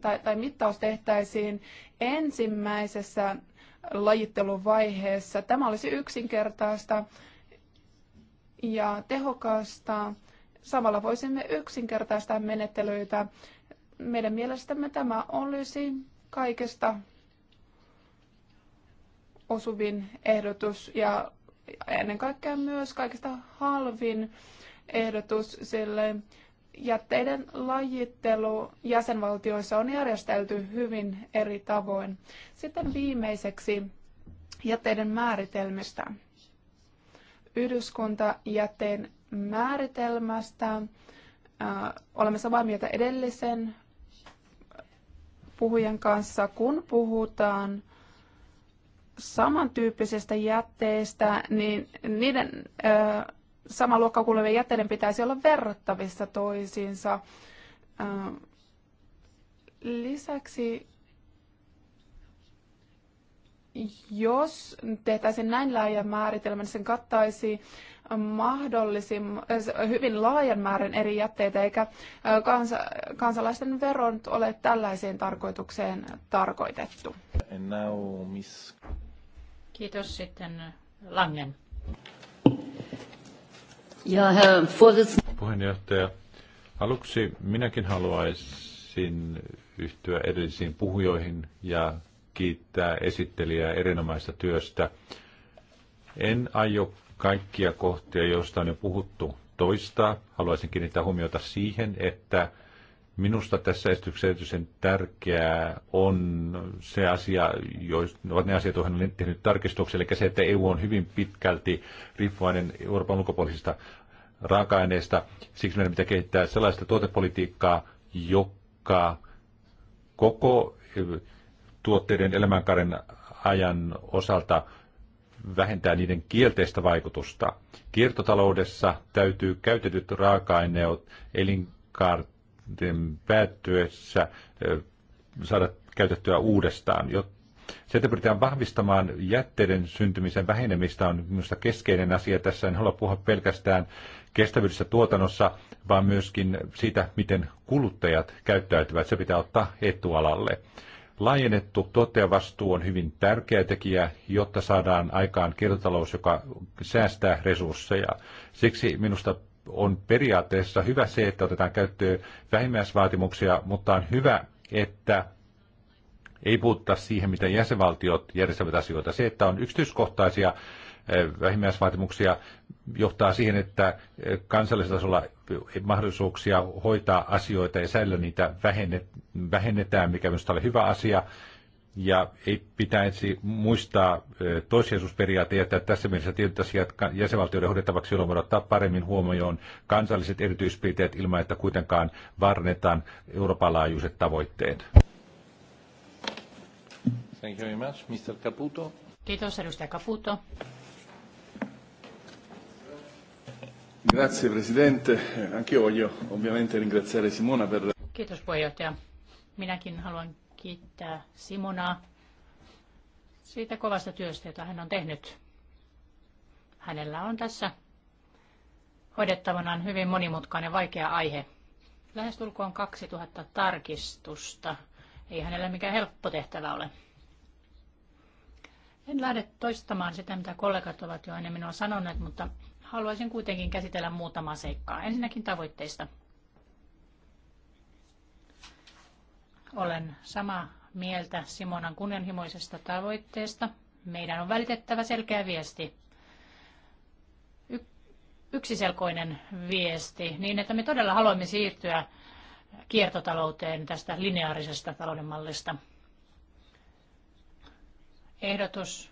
tai, tai mittaus tehtäisiin ensimmäisessä lajitteluvaiheessa. Tämä olisi yksinkertaista ja tehokasta Samalla voisimme yksinkertaistaa menettelyitä. Meidän mielestämme tämä olisi kaikesta osuvin ehdotus ja ennen kaikkea myös kaikista halvin ehdotus, sillä jätteiden lajittelu jäsenvaltioissa on järjestelty hyvin eri tavoin. Sitten viimeiseksi jätteiden määritelmistä. Yhdyskuntajätteen määritelmästä. Äh, olemme samaa mieltä edellisen puhujan kanssa, kun puhutaan samantyyppisestä jätteestä, niin niiden äh, sama luokka kuuluvien jätteiden pitäisi olla verrattavissa toisiinsa. Äh, lisäksi, jos tehtäisiin näin laaja määritelmä, niin sen kattaisi mahdollisimman hyvin laajan määrän eri jätteitä, eikä kansa, kansalaisten veron ole tällaiseen tarkoitukseen tarkoitettu. Kiitos sitten äh, Langen. Ja, herr Puheenjohtaja, aluksi minäkin haluaisin yhtyä edellisiin puhujoihin ja kiittää esittelijää erinomaista työstä. En aio kaikkia kohtia, joista on jo puhuttu toista Haluaisin kiinnittää huomiota siihen, että minusta tässä esityksessä erityisen tärkeää on se asia, joista ovat ne asiat, joihin olen tehnyt tarkistuksen, eli se, että EU on hyvin pitkälti riippuvainen Euroopan ulkopuolisista raaka-aineista. Siksi meidän pitää kehittää sellaista tuotepolitiikkaa, joka koko eh, tuotteiden elämänkaaren ajan osalta vähentää niiden kielteistä vaikutusta. Kiertotaloudessa täytyy käytetyt raaka-aineet elinkaarten päättyessä saada käytettyä uudestaan. Se, että pyritään vahvistamaan jätteiden syntymisen vähenemistä, on minusta keskeinen asia. Tässä en halua puhua pelkästään kestävyydessä tuotannossa, vaan myöskin siitä, miten kuluttajat käyttäytyvät. Se pitää ottaa etualalle. Laajennettu tuottajavastuu on hyvin tärkeä tekijä, jotta saadaan aikaan kiertotalous, joka säästää resursseja. Siksi minusta on periaatteessa hyvä se, että otetaan käyttöön vähimmäisvaatimuksia, mutta on hyvä, että ei puhuta siihen, miten jäsenvaltiot järjestävät asioita. Se, että on yksityiskohtaisia vähimmäisvaatimuksia, johtaa siihen, että kansallisella tasolla mahdollisuuksia hoitaa asioita ja säillä niitä vähennetään, mikä minusta oli hyvä asia. Ja ei pitäisi muistaa toissijaisuusperiaate että tässä mielessä tietyt asiat jäsenvaltioiden hoidettavaksi, jolloin voidaan ottaa paremmin huomioon kansalliset erityispiirteet ilman, että kuitenkaan varnetaan Euroopan laajuiset tavoitteet. Thank you very much, Mr. Caputo. Kiitos, edustaja Caputo. Grazie Presidente. Anch'io voglio ovviamente ringraziare Simona per... Kiitos puheenjohtaja. Minäkin haluan kiittää Simonaa siitä kovasta työstä, jota hän on tehnyt. Hänellä on tässä hoidettavanaan hyvin monimutkainen vaikea aihe. Lähestulkoon 2000 tarkistusta. Ei hänellä mikään helppo tehtävä ole. En lähde toistamaan sitä, mitä kollegat ovat jo ennen minua sanoneet, mutta haluaisin kuitenkin käsitellä muutamaa seikkaa. Ensinnäkin tavoitteista. Olen samaa mieltä Simonan kunnianhimoisesta tavoitteesta. Meidän on välitettävä selkeä viesti. Y- yksiselkoinen viesti, niin että me todella haluamme siirtyä kiertotalouteen tästä lineaarisesta talouden mallista. Ehdotus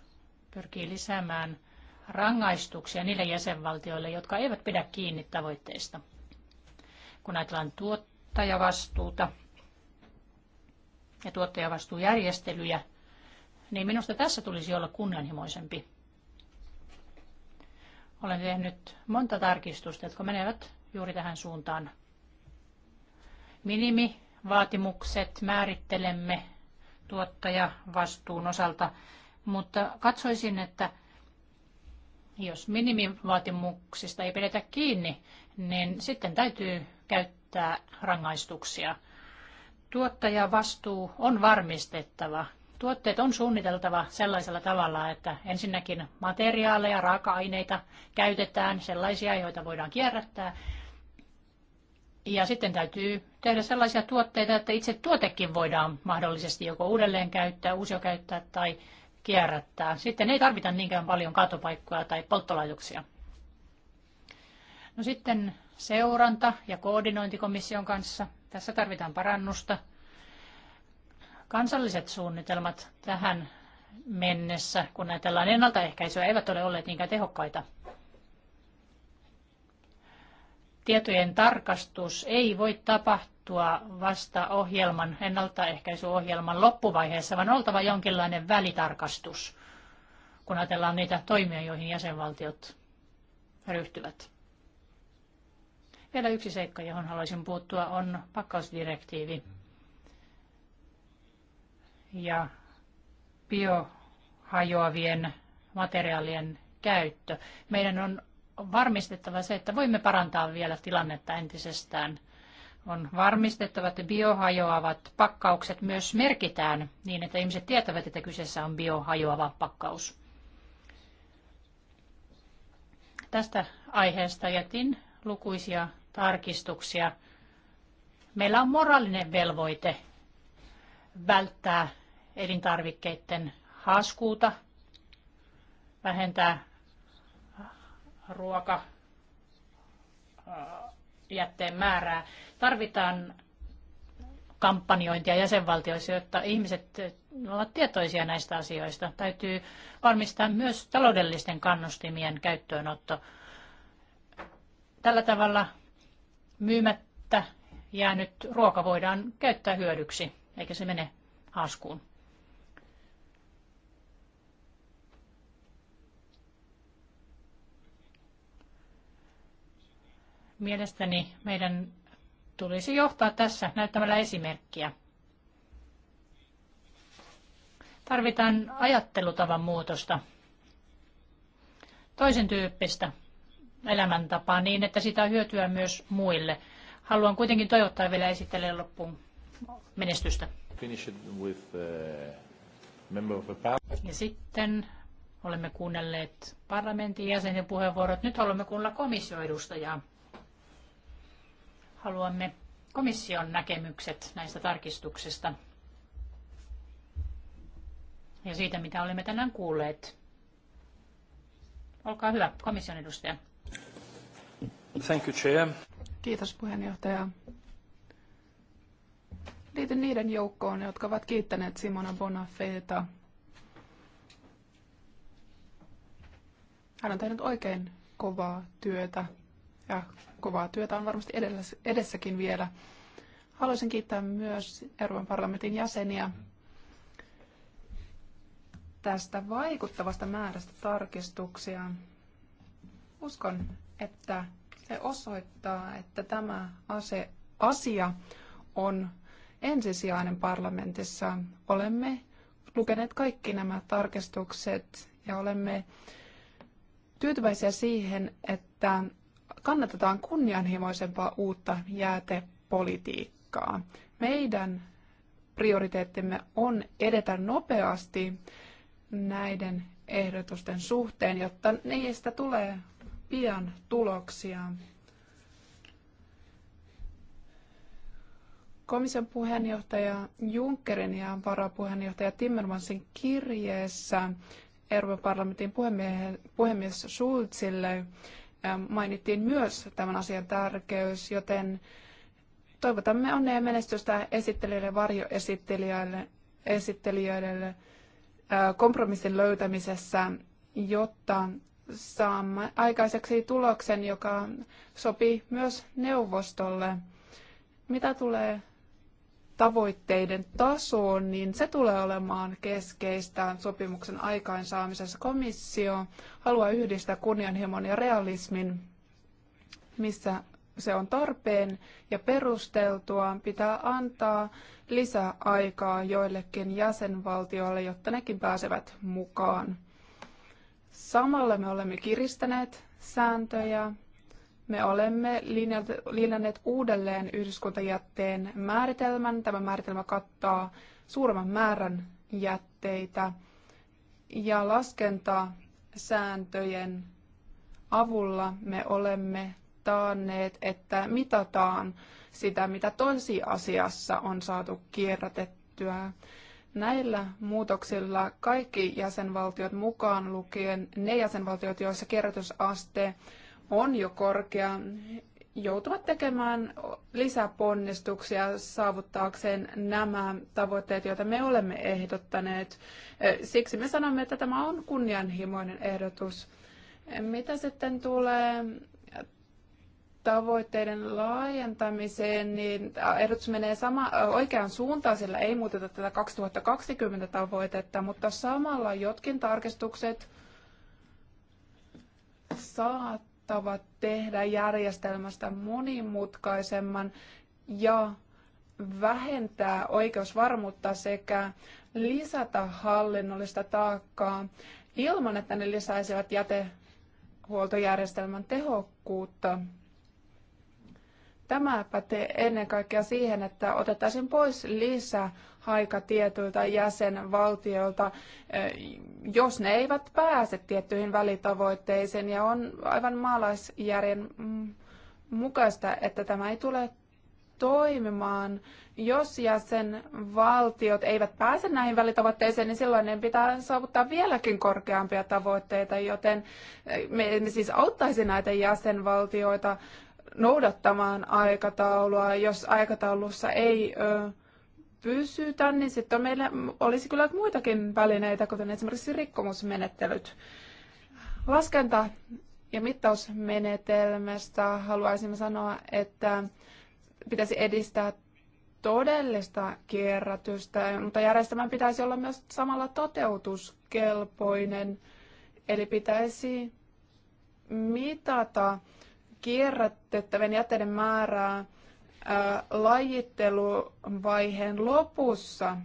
pyrkii lisäämään rangaistuksia niille jäsenvaltioille, jotka eivät pidä kiinni tavoitteista. Kun ajatellaan tuottajavastuuta ja tuottajavastuujärjestelyjä, niin minusta tässä tulisi olla kunnianhimoisempi. Olen tehnyt monta tarkistusta, jotka menevät juuri tähän suuntaan. Minimivaatimukset määrittelemme tuottajavastuun osalta, mutta katsoisin, että jos minimivaatimuksista ei pidetä kiinni, niin sitten täytyy käyttää rangaistuksia. Tuottajavastuu on varmistettava. Tuotteet on suunniteltava sellaisella tavalla, että ensinnäkin materiaaleja, raaka-aineita käytetään, sellaisia, joita voidaan kierrättää. Ja sitten täytyy tehdä sellaisia tuotteita, että itse tuotekin voidaan mahdollisesti joko uudelleen käyttää, uusiokäyttää tai kierrättää. Sitten ei tarvita niinkään paljon kaatopaikkoja tai polttolaitoksia. No sitten seuranta ja koordinointi komission kanssa. Tässä tarvitaan parannusta. Kansalliset suunnitelmat tähän mennessä, kun ajatellaan ennaltaehkäisyä, eivät ole olleet niinkään tehokkaita. Tietojen tarkastus ei voi tapahtua sovittua vasta ohjelman, ennaltaehkäisyohjelman loppuvaiheessa, vaan oltava jonkinlainen välitarkastus, kun ajatellaan niitä toimia, joihin jäsenvaltiot ryhtyvät. Vielä yksi seikka, johon haluaisin puuttua, on pakkausdirektiivi ja biohajoavien materiaalien käyttö. Meidän on varmistettava se, että voimme parantaa vielä tilannetta entisestään – on varmistettava, että biohajoavat pakkaukset myös merkitään niin, että ihmiset tietävät, että kyseessä on biohajoava pakkaus. Tästä aiheesta jätin lukuisia tarkistuksia. Meillä on moraalinen velvoite välttää elintarvikkeiden haskuuta, vähentää ruoka jätteen määrää. Tarvitaan kampanjointia jäsenvaltioissa, jotta ihmiset ovat tietoisia näistä asioista. Täytyy varmistaa myös taloudellisten kannustimien käyttöönotto. Tällä tavalla myymättä jäänyt ruoka voidaan käyttää hyödyksi, eikä se mene haskuun. Mielestäni meidän tulisi johtaa tässä näyttämällä esimerkkiä. Tarvitaan ajattelutavan muutosta, toisen tyyppistä elämäntapaa niin, että sitä on hyötyä myös muille. Haluan kuitenkin toivottaa vielä esittelee loppuun menestystä. Uh, ja sitten olemme kuunnelleet parlamentin jäsenen puheenvuorot. Nyt haluamme kuulla komissioedustajaa. Haluamme komission näkemykset näistä tarkistuksista ja siitä, mitä olemme tänään kuulleet. Olkaa hyvä, komission edustaja. Thank you, Chair. Kiitos puheenjohtaja. Liityn niiden joukkoon, jotka ovat kiittäneet Simona Bonafeta. Hän on tehnyt oikein kovaa työtä ja kovaa työtä on varmasti edessäkin vielä. Haluaisin kiittää myös Euroopan parlamentin jäseniä tästä vaikuttavasta määrästä tarkistuksia. Uskon, että se osoittaa, että tämä ase- asia on ensisijainen parlamentissa. Olemme lukeneet kaikki nämä tarkistukset ja olemme tyytyväisiä siihen, että kannatetaan kunnianhimoisempaa uutta jäätepolitiikkaa. Meidän prioriteettimme on edetä nopeasti näiden ehdotusten suhteen, jotta niistä tulee pian tuloksia. Komission puheenjohtaja Junckerin ja varapuheenjohtaja Timmermansin kirjeessä Euroopan parlamentin puhemies Schulzille Ähm, mainittiin myös tämän asian tärkeys, joten toivotamme onnea ja menestystä esittelijöille, varjoesittelijöille, äh, esittelijöille kompromissin löytämisessä, jotta saamme aikaiseksi tuloksen, joka sopii myös neuvostolle. Mitä tulee tavoitteiden tasoon, niin se tulee olemaan keskeistä sopimuksen aikaansaamisessa. Komissio haluaa yhdistää kunnianhimon ja realismin, missä se on tarpeen ja perusteltua, pitää antaa lisäaikaa joillekin jäsenvaltioille, jotta nekin pääsevät mukaan. Samalla me olemme kiristäneet sääntöjä me olemme linjanneet uudelleen yhdyskuntajätteen määritelmän. Tämä määritelmä kattaa suuremman määrän jätteitä ja laskentasääntöjen avulla me olemme taanneet, että mitataan sitä, mitä tosiasiassa on saatu kierrätettyä. Näillä muutoksilla kaikki jäsenvaltiot mukaan lukien ne jäsenvaltiot, joissa kierrätysaste on jo korkea, joutuvat tekemään lisäponnistuksia saavuttaakseen nämä tavoitteet, joita me olemme ehdottaneet. Eh, siksi me sanomme, että tämä on kunnianhimoinen ehdotus. Mitä sitten tulee tavoitteiden laajentamiseen, niin ehdotus menee sama, oikeaan suuntaan, sillä ei muuteta tätä 2020 tavoitetta, mutta samalla jotkin tarkistukset saat tavat tehdä järjestelmästä monimutkaisemman ja vähentää oikeusvarmuutta sekä lisätä hallinnollista taakkaa ilman, että ne lisäisivät jätehuoltojärjestelmän tehokkuutta. Tämä pätee ennen kaikkea siihen, että otettaisiin pois lisää haika tietyiltä jäsenvaltioilta, eh, jos ne eivät pääse tiettyihin välitavoitteisiin. Ja on aivan maalaisjärjen mm, mukaista, että tämä ei tule toimimaan. Jos jäsenvaltiot eivät pääse näihin välitavoitteisiin, niin silloin ne pitää saavuttaa vieläkin korkeampia tavoitteita, joten eh, me emme siis auttaisi näitä jäsenvaltioita noudattamaan aikataulua, jos aikataulussa ei ö, pysytä, niin sitten meillä olisi kyllä muitakin välineitä, kuten esimerkiksi rikkomusmenettelyt. Laskenta- ja mittausmenetelmästä haluaisimme sanoa, että pitäisi edistää todellista kierrätystä, mutta järjestelmän pitäisi olla myös samalla toteutuskelpoinen. Eli pitäisi mitata kierrätettävien jätteiden määrää lajitteluvaiheen lopussa.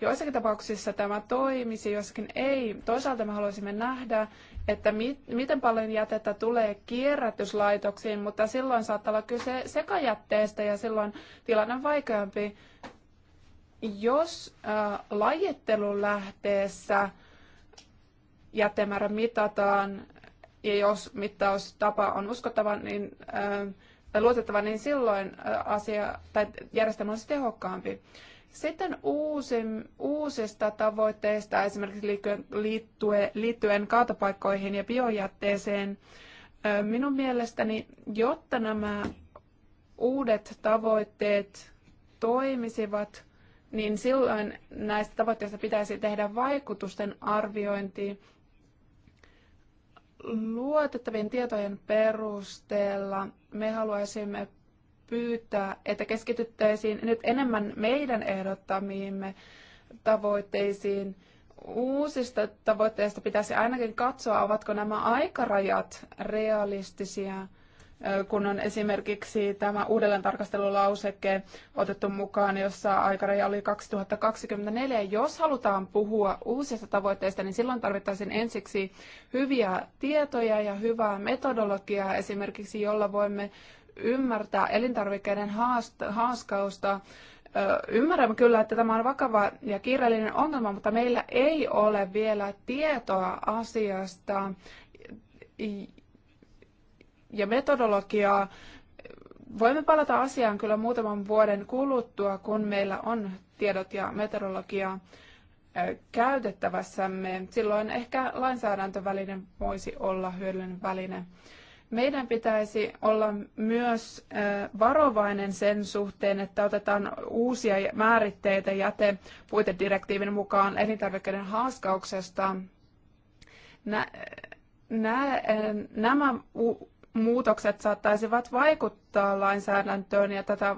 Joissakin tapauksissa tämä toimisi, joissakin ei. Toisaalta me haluaisimme nähdä, että mit, miten paljon jätettä tulee kierrätyslaitoksiin, mutta silloin saattaa olla kyse sekajätteestä ja silloin tilanne on vaikeampi. Jos äh, lajittelulähteessä jätemäärä mitataan ja jos mittaustapa on uskottava, niin äh, luotettava, niin silloin asia tai järjestelmä olisi tehokkaampi. Sitten uusim, uusista tavoitteista, esimerkiksi liittyen, liittyen, liittyen kaatopaikkoihin ja biojätteeseen, minun mielestäni, jotta nämä uudet tavoitteet toimisivat, niin silloin näistä tavoitteista pitäisi tehdä vaikutusten arviointi luotettavien tietojen perusteella me haluaisimme pyytää, että keskityttäisiin nyt enemmän meidän ehdottamiimme tavoitteisiin. Uusista tavoitteista pitäisi ainakin katsoa, ovatko nämä aikarajat realistisia kun on esimerkiksi tämä uudelleentarkastelulauseke otettu mukaan, jossa aikaraja oli 2024. Jos halutaan puhua uusista tavoitteista, niin silloin tarvittaisiin ensiksi hyviä tietoja ja hyvää metodologiaa esimerkiksi, jolla voimme ymmärtää elintarvikkeiden haaskausta. Ymmärrämme kyllä, että tämä on vakava ja kiireellinen ongelma, mutta meillä ei ole vielä tietoa asiasta ja metodologiaa. Voimme palata asiaan kyllä muutaman vuoden kuluttua, kun meillä on tiedot ja metodologiaa käytettävässämme. Silloin ehkä lainsäädäntöväline voisi olla hyödyllinen väline. Meidän pitäisi olla myös varovainen sen suhteen, että otetaan uusia määritteitä jäte puitedirektiivin mukaan elintarvikkeiden haaskauksesta. Nä, nämä muutokset saattaisivat vaikuttaa lainsäädäntöön ja tätä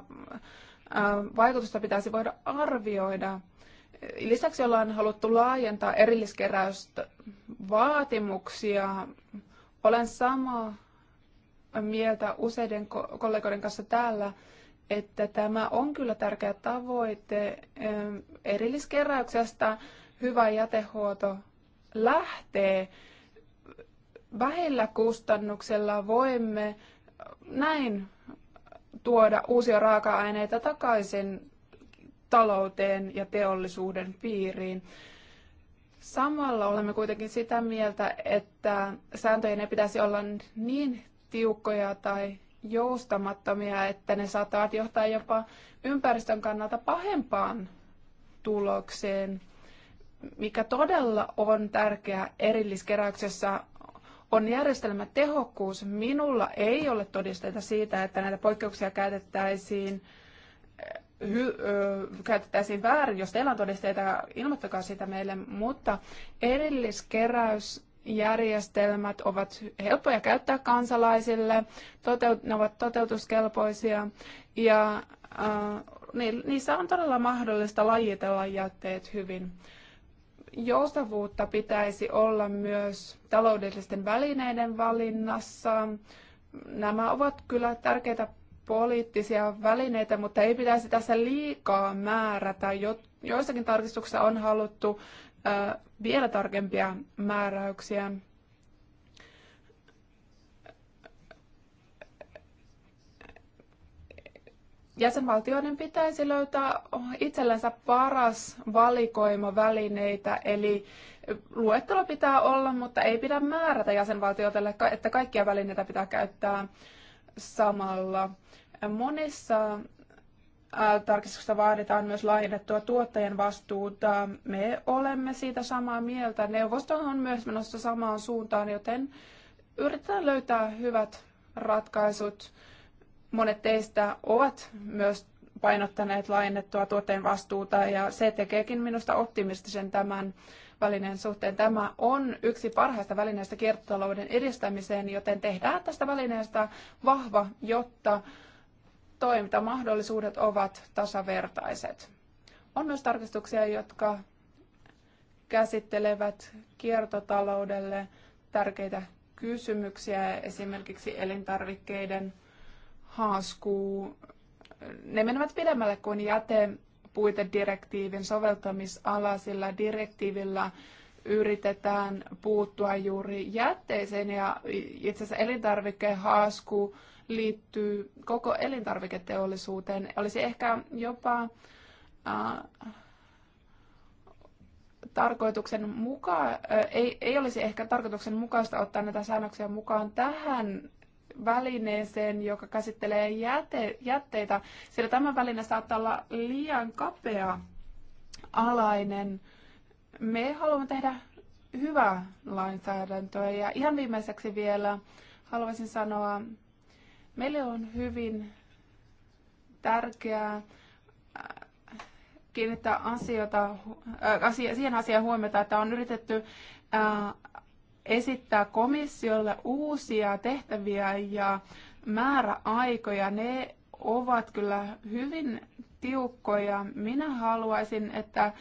vaikutusta pitäisi voida arvioida. Lisäksi ollaan haluttu laajentaa erilliskeräystä vaatimuksia. Olen samaa mieltä useiden kollegoiden kanssa täällä, että tämä on kyllä tärkeä tavoite. Erilliskeräyksestä hyvä jätehuolto lähtee vähillä kustannuksella voimme näin tuoda uusia raaka-aineita takaisin talouteen ja teollisuuden piiriin. Samalla olemme kuitenkin sitä mieltä, että sääntöjen ei pitäisi olla niin tiukkoja tai joustamattomia, että ne saattavat johtaa jopa ympäristön kannalta pahempaan tulokseen, mikä todella on tärkeää erilliskeräyksessä on järjestelmätehokkuus. Minulla ei ole todisteita siitä, että näitä poikkeuksia käytettäisiin eh, hy, ö, käytettäisiin väärin. Jos teillä on todisteita, ilmoittakaa sitä meille. Mutta erilliskeräysjärjestelmät ovat helppoja käyttää kansalaisille, toteut- ne ovat toteutuskelpoisia ja ö, niissä on todella mahdollista lajitella jätteet hyvin joustavuutta pitäisi olla myös taloudellisten välineiden valinnassa. Nämä ovat kyllä tärkeitä poliittisia välineitä, mutta ei pitäisi tässä liikaa määrätä. Jo, joissakin tarkistuksissa on haluttu ö, vielä tarkempia määräyksiä. Jäsenvaltioiden pitäisi löytää itsellensä paras valikoima välineitä, eli luettelo pitää olla, mutta ei pidä määrätä jäsenvaltioille, että kaikkia välineitä pitää käyttää samalla. Monissa tarkistuksessa vaaditaan myös laajennettua tuottajien vastuuta. Me olemme siitä samaa mieltä. Neuvosto on myös menossa samaan suuntaan, joten yritetään löytää hyvät ratkaisut. Monet teistä ovat myös painottaneet laajennettua tuotteen vastuuta ja se tekeekin minusta optimistisen tämän välineen suhteen. Tämä on yksi parhaista välineistä kiertotalouden edistämiseen, joten tehdään tästä välineestä vahva, jotta toimintamahdollisuudet ovat tasavertaiset. On myös tarkistuksia, jotka käsittelevät kiertotaloudelle tärkeitä kysymyksiä, esimerkiksi elintarvikkeiden haaskuu, ne menevät pidemmälle kuin jätepuitedirektiivin soveltamisala, sillä direktiivillä yritetään puuttua juuri jätteeseen ja itse asiassa haasku liittyy koko elintarviketeollisuuteen. Olisi ehkä jopa tarkoituksen mukaan, ei, ei olisi ehkä tarkoituksen mukaista ottaa näitä säännöksiä mukaan tähän välineeseen, joka käsittelee jäte, jätteitä, sillä tämä väline saattaa olla liian kapea alainen. Me haluamme tehdä hyvää lainsäädäntöä ja ihan viimeiseksi vielä haluaisin sanoa, meille on hyvin tärkeää äh, kiinnittää asioita, äh, asia, siihen asiaan huomiota, että on yritetty äh, esittää komissiolle uusia tehtäviä ja määräaikoja. Ne ovat kyllä hyvin tiukkoja. Minä haluaisin, että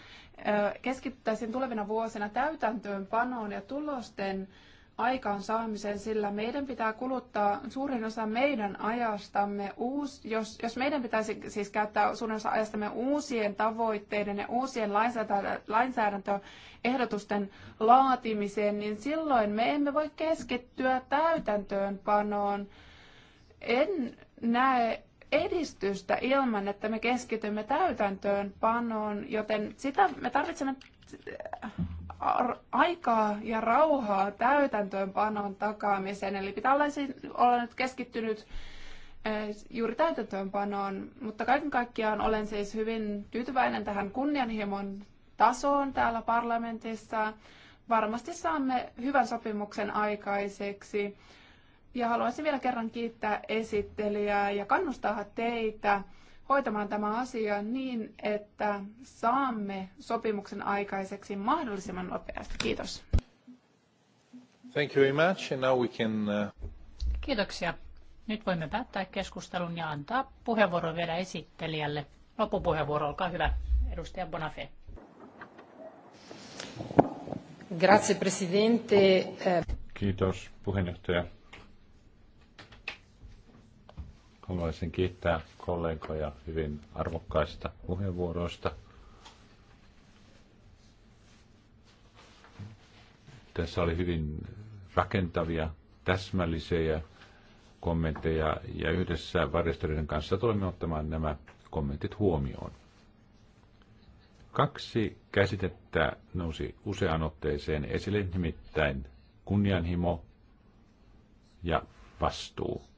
keskittäisin tulevina vuosina täytäntöönpanoon ja tulosten aikaansaamiseen, sillä meidän pitää kuluttaa suurin osa meidän ajastamme, uus, jos, jos meidän pitäisi siis käyttää suurin osa ajastamme uusien tavoitteiden ja uusien lainsäädäntöehdotusten laatimiseen, niin silloin me emme voi keskittyä täytäntöönpanoon. En näe edistystä ilman, että me keskitymme täytäntöönpanoon, joten sitä me tarvitsemme aikaa ja rauhaa täytäntöönpanon takaamiseen. Eli pitää olla, olla nyt keskittynyt eh, juuri täytäntöönpanoon, mutta kaiken kaikkiaan olen siis hyvin tyytyväinen tähän kunnianhimon tasoon täällä parlamentissa. Varmasti saamme hyvän sopimuksen aikaiseksi. Ja haluaisin vielä kerran kiittää esittelijää ja kannustaa teitä hoitamaan tämä asia niin, että saamme sopimuksen aikaiseksi mahdollisimman nopeasti. Kiitos. Thank you very much. And now we can, uh... Kiitoksia. Nyt voimme päättää keskustelun ja antaa puheenvuoron vielä esittelijälle. Loppupuheenvuoro, olkaa hyvä, edustaja Bonafé. Grazie, presidente. Eh. Kiitos, puheenjohtaja. Haluaisin kiittää kollegoja hyvin arvokkaista puheenvuoroista. Tässä oli hyvin rakentavia, täsmällisiä kommentteja ja yhdessä varjostöiden kanssa tulemme ottamaan nämä kommentit huomioon. Kaksi käsitettä nousi useaan otteeseen esille, nimittäin kunnianhimo ja vastuu.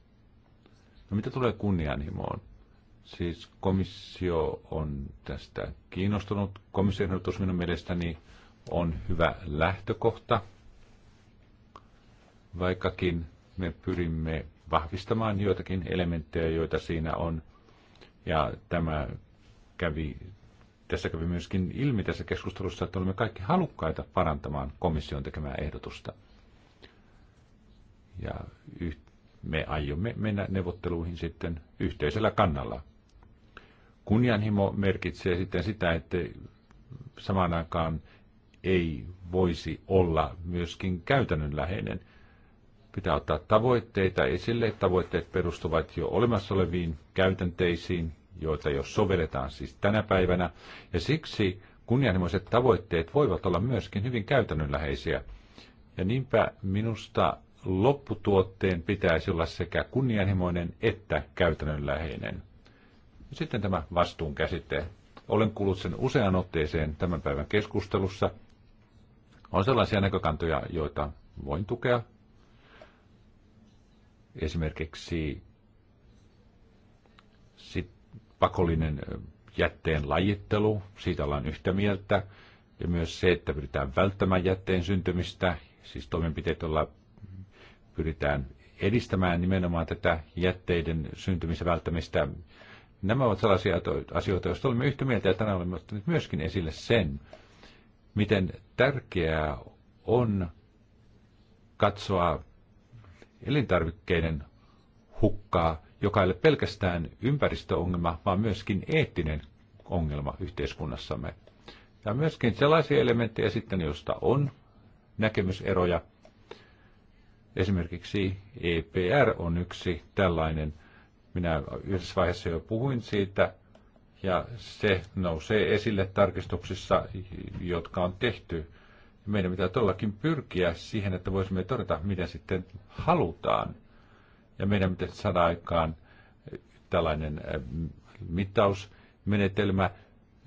No mitä tulee kunnianhimoon? Siis komissio on tästä kiinnostunut. Komission ehdotus minun mielestäni on hyvä lähtökohta, vaikkakin me pyrimme vahvistamaan joitakin elementtejä, joita siinä on. Ja tämä kävi, tässä kävi myöskin ilmi tässä keskustelussa, että olemme kaikki halukkaita parantamaan komission tekemää ehdotusta. Ja yhtä me aiomme mennä neuvotteluihin sitten yhteisellä kannalla. Kunnianhimo merkitsee sitten sitä, että samaan aikaan ei voisi olla myöskin käytännönläheinen. Pitää ottaa tavoitteita esille. Tavoitteet perustuvat jo olemassa oleviin käytänteisiin, joita jo sovelletaan siis tänä päivänä. Ja siksi kunnianhimoiset tavoitteet voivat olla myöskin hyvin käytännönläheisiä. Ja niinpä minusta lopputuotteen pitäisi olla sekä kunnianhimoinen että käytännönläheinen. Sitten tämä vastuun käsite. Olen kuullut sen usean otteeseen tämän päivän keskustelussa. On sellaisia näkökantoja, joita voin tukea. Esimerkiksi sit pakollinen jätteen lajittelu, siitä ollaan yhtä mieltä. Ja myös se, että pyritään välttämään jätteen syntymistä, siis toimenpiteet, joilla pyritään edistämään nimenomaan tätä jätteiden syntymisen välttämistä. Nämä ovat sellaisia asioita, joista olemme yhtä mieltä ja tänään olemme ottaneet myöskin esille sen, miten tärkeää on katsoa elintarvikkeiden hukkaa, joka ei ole pelkästään ympäristöongelma, vaan myöskin eettinen ongelma yhteiskunnassamme. Ja myöskin sellaisia elementtejä sitten, joista on näkemyseroja, Esimerkiksi EPR on yksi tällainen. Minä yhdessä vaiheessa jo puhuin siitä, ja se nousee esille tarkistuksissa, jotka on tehty. Meidän pitää todellakin pyrkiä siihen, että voisimme todeta, mitä sitten halutaan. Ja meidän pitää saada aikaan tällainen eh, mittausmenetelmä,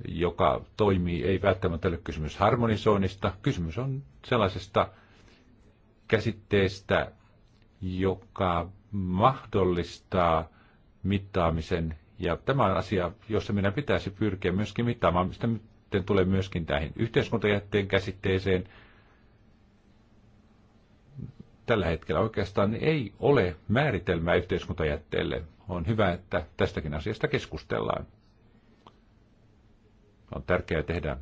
joka toimii, ei välttämättä ole kysymys harmonisoinnista. Kysymys on sellaisesta käsitteestä, joka mahdollistaa mittaamisen. Ja tämä on asia, jossa meidän pitäisi pyrkiä myöskin mittaamaan, mistä sitten tulee myöskin tähän yhteiskuntajätteen käsitteeseen. Tällä hetkellä oikeastaan ei ole määritelmää yhteiskuntajätteelle. On hyvä, että tästäkin asiasta keskustellaan. On tärkeää tehdä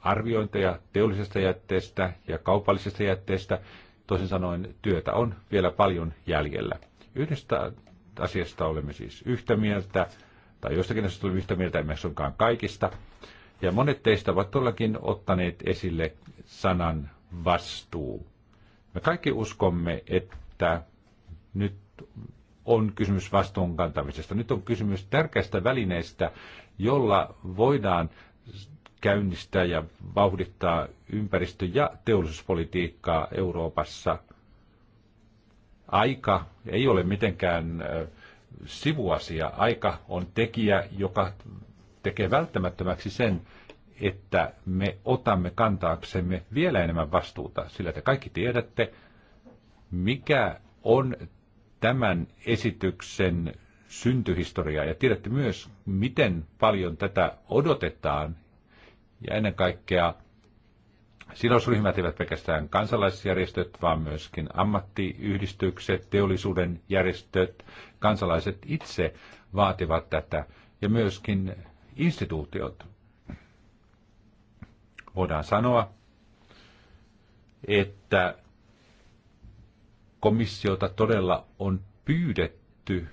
arviointeja teollisesta jätteestä ja kaupallisesta jätteestä Toisin sanoen työtä on vielä paljon jäljellä. Yhdestä asiasta olemme siis yhtä mieltä, tai jostakin asiasta olemme yhtä mieltä, emme suinkaan kaikista. Ja monet teistä ovat todellakin ottaneet esille sanan vastuu. Me kaikki uskomme, että nyt on kysymys vastuun kantamisesta. Nyt on kysymys tärkeästä välineestä, jolla voidaan käynnistää ja vauhdittaa ympäristö- ja teollisuuspolitiikkaa Euroopassa. Aika ei ole mitenkään sivuasia. Aika on tekijä, joka tekee välttämättömäksi sen, että me otamme kantaaksemme vielä enemmän vastuuta, sillä te kaikki tiedätte, mikä on tämän esityksen syntyhistoria ja tiedätte myös, miten paljon tätä odotetaan ja ennen kaikkea sidosryhmät eivät pelkästään kansalaisjärjestöt, vaan myöskin ammattiyhdistykset, teollisuuden järjestöt, kansalaiset itse vaativat tätä ja myöskin instituutiot. Voidaan sanoa, että komissiota todella on pyydetty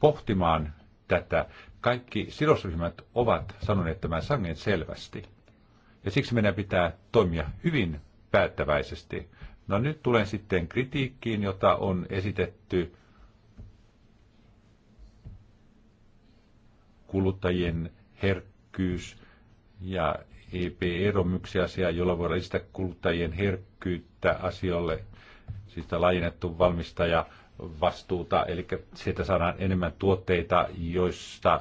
pohtimaan tätä. Kaikki sidosryhmät ovat sanoneet tämän sangen selvästi. Ja siksi meidän pitää toimia hyvin päättäväisesti. No nyt tulen sitten kritiikkiin, jota on esitetty kuluttajien herkkyys ja EP-ero asia, jolla voidaan lisätä kuluttajien herkkyyttä asiolle, siis laajennettu valmistaja vastuuta, eli sieltä saadaan enemmän tuotteita, joista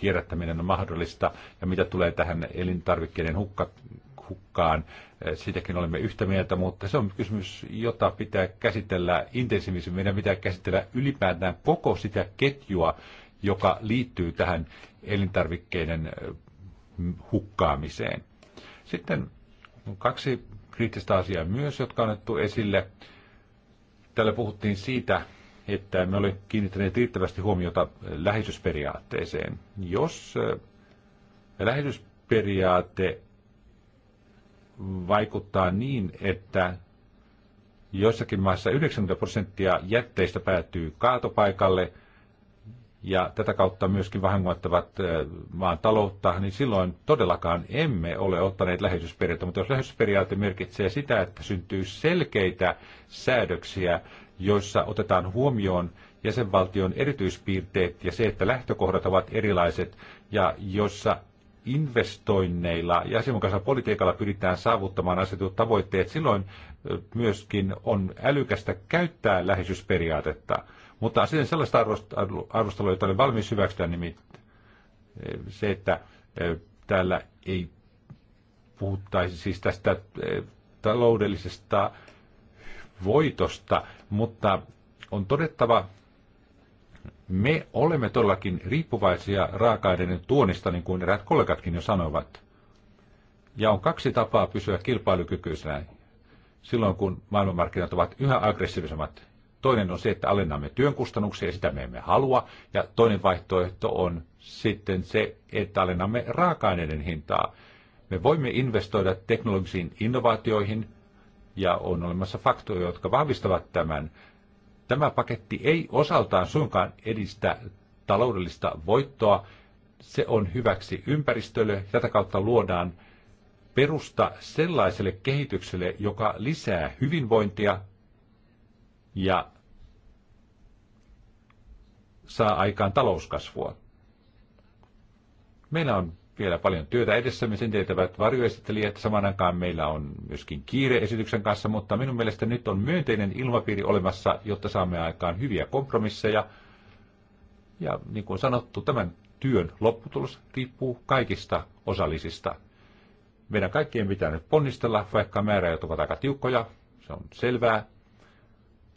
kierrättäminen on mahdollista. Ja mitä tulee tähän elintarvikkeiden hukka, hukkaan, eh, sitäkin olemme yhtä mieltä, mutta se on kysymys, jota pitää käsitellä intensiivisemmin. Meidän pitää käsitellä ylipäätään koko sitä ketjua, joka liittyy tähän elintarvikkeiden eh, hukkaamiseen. Sitten on kaksi kriittistä asiaa myös, jotka on annettu esille. Täällä puhuttiin siitä, että me ole kiinnittäneet riittävästi huomiota läheisyysperiaatteeseen. Jos äh, läheisyysperiaate vaikuttaa niin, että joissakin maissa 90 prosenttia jätteistä päätyy kaatopaikalle ja tätä kautta myöskin vahingoittavat äh, maan taloutta, niin silloin todellakaan emme ole ottaneet läheisyysperiaatteita. Mutta jos läheisyysperiaate merkitsee sitä, että syntyy selkeitä säädöksiä, joissa otetaan huomioon jäsenvaltion erityispiirteet ja se, että lähtökohdat ovat erilaiset ja jossa investoinneilla ja asianmukaisella politiikalla pyritään saavuttamaan asetut tavoitteet, silloin myöskin on älykästä käyttää läheisyysperiaatetta. Mutta sitten sellaista arvostelua, jota olen valmis hyväksyä, nimittäin se, että täällä ei puhuttaisi siis tästä taloudellisesta voitosta, mutta on todettava, me olemme todellakin riippuvaisia raaka-aineiden tuonista, niin kuin eräät kollegatkin jo sanoivat. Ja on kaksi tapaa pysyä kilpailukykyisenä silloin, kun maailmanmarkkinat ovat yhä aggressiivisemmat. Toinen on se, että alennamme työn kustannuksia ja sitä me emme halua. Ja toinen vaihtoehto on sitten se, että alennamme raaka-aineiden hintaa. Me voimme investoida teknologisiin innovaatioihin – ja on olemassa faktoja, jotka vahvistavat tämän. Tämä paketti ei osaltaan suinkaan edistä taloudellista voittoa, se on hyväksi ympäristölle. Tätä kautta luodaan perusta sellaiselle kehitykselle, joka lisää hyvinvointia ja saa aikaan talouskasvua. Meillä on vielä paljon työtä edessämme, sen tietävät varjoesittelijät. Saman aikaan meillä on myöskin kiire esityksen kanssa, mutta minun mielestä nyt on myönteinen ilmapiiri olemassa, jotta saamme aikaan hyviä kompromisseja. Ja niin kuin sanottu, tämän työn lopputulos riippuu kaikista osallisista. Meidän kaikkien pitää nyt ponnistella, vaikka määräajat ovat aika tiukkoja, se on selvää.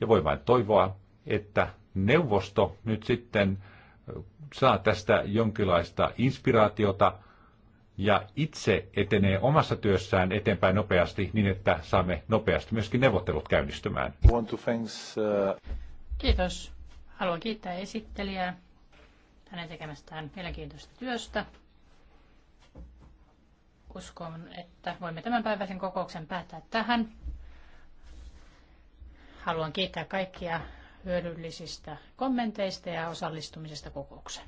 Ja voi vain toivoa, että neuvosto nyt sitten saa tästä jonkinlaista inspiraatiota – ja itse etenee omassa työssään eteenpäin nopeasti niin, että saamme nopeasti myöskin neuvottelut käynnistymään. Uh, Kiitos. Haluan kiittää esittelijää hänen tekemästään mielenkiintoista työstä. Uskon, että voimme tämän päiväisen kokouksen päättää tähän. Haluan kiittää kaikkia hyödyllisistä kommenteista ja osallistumisesta kokoukseen.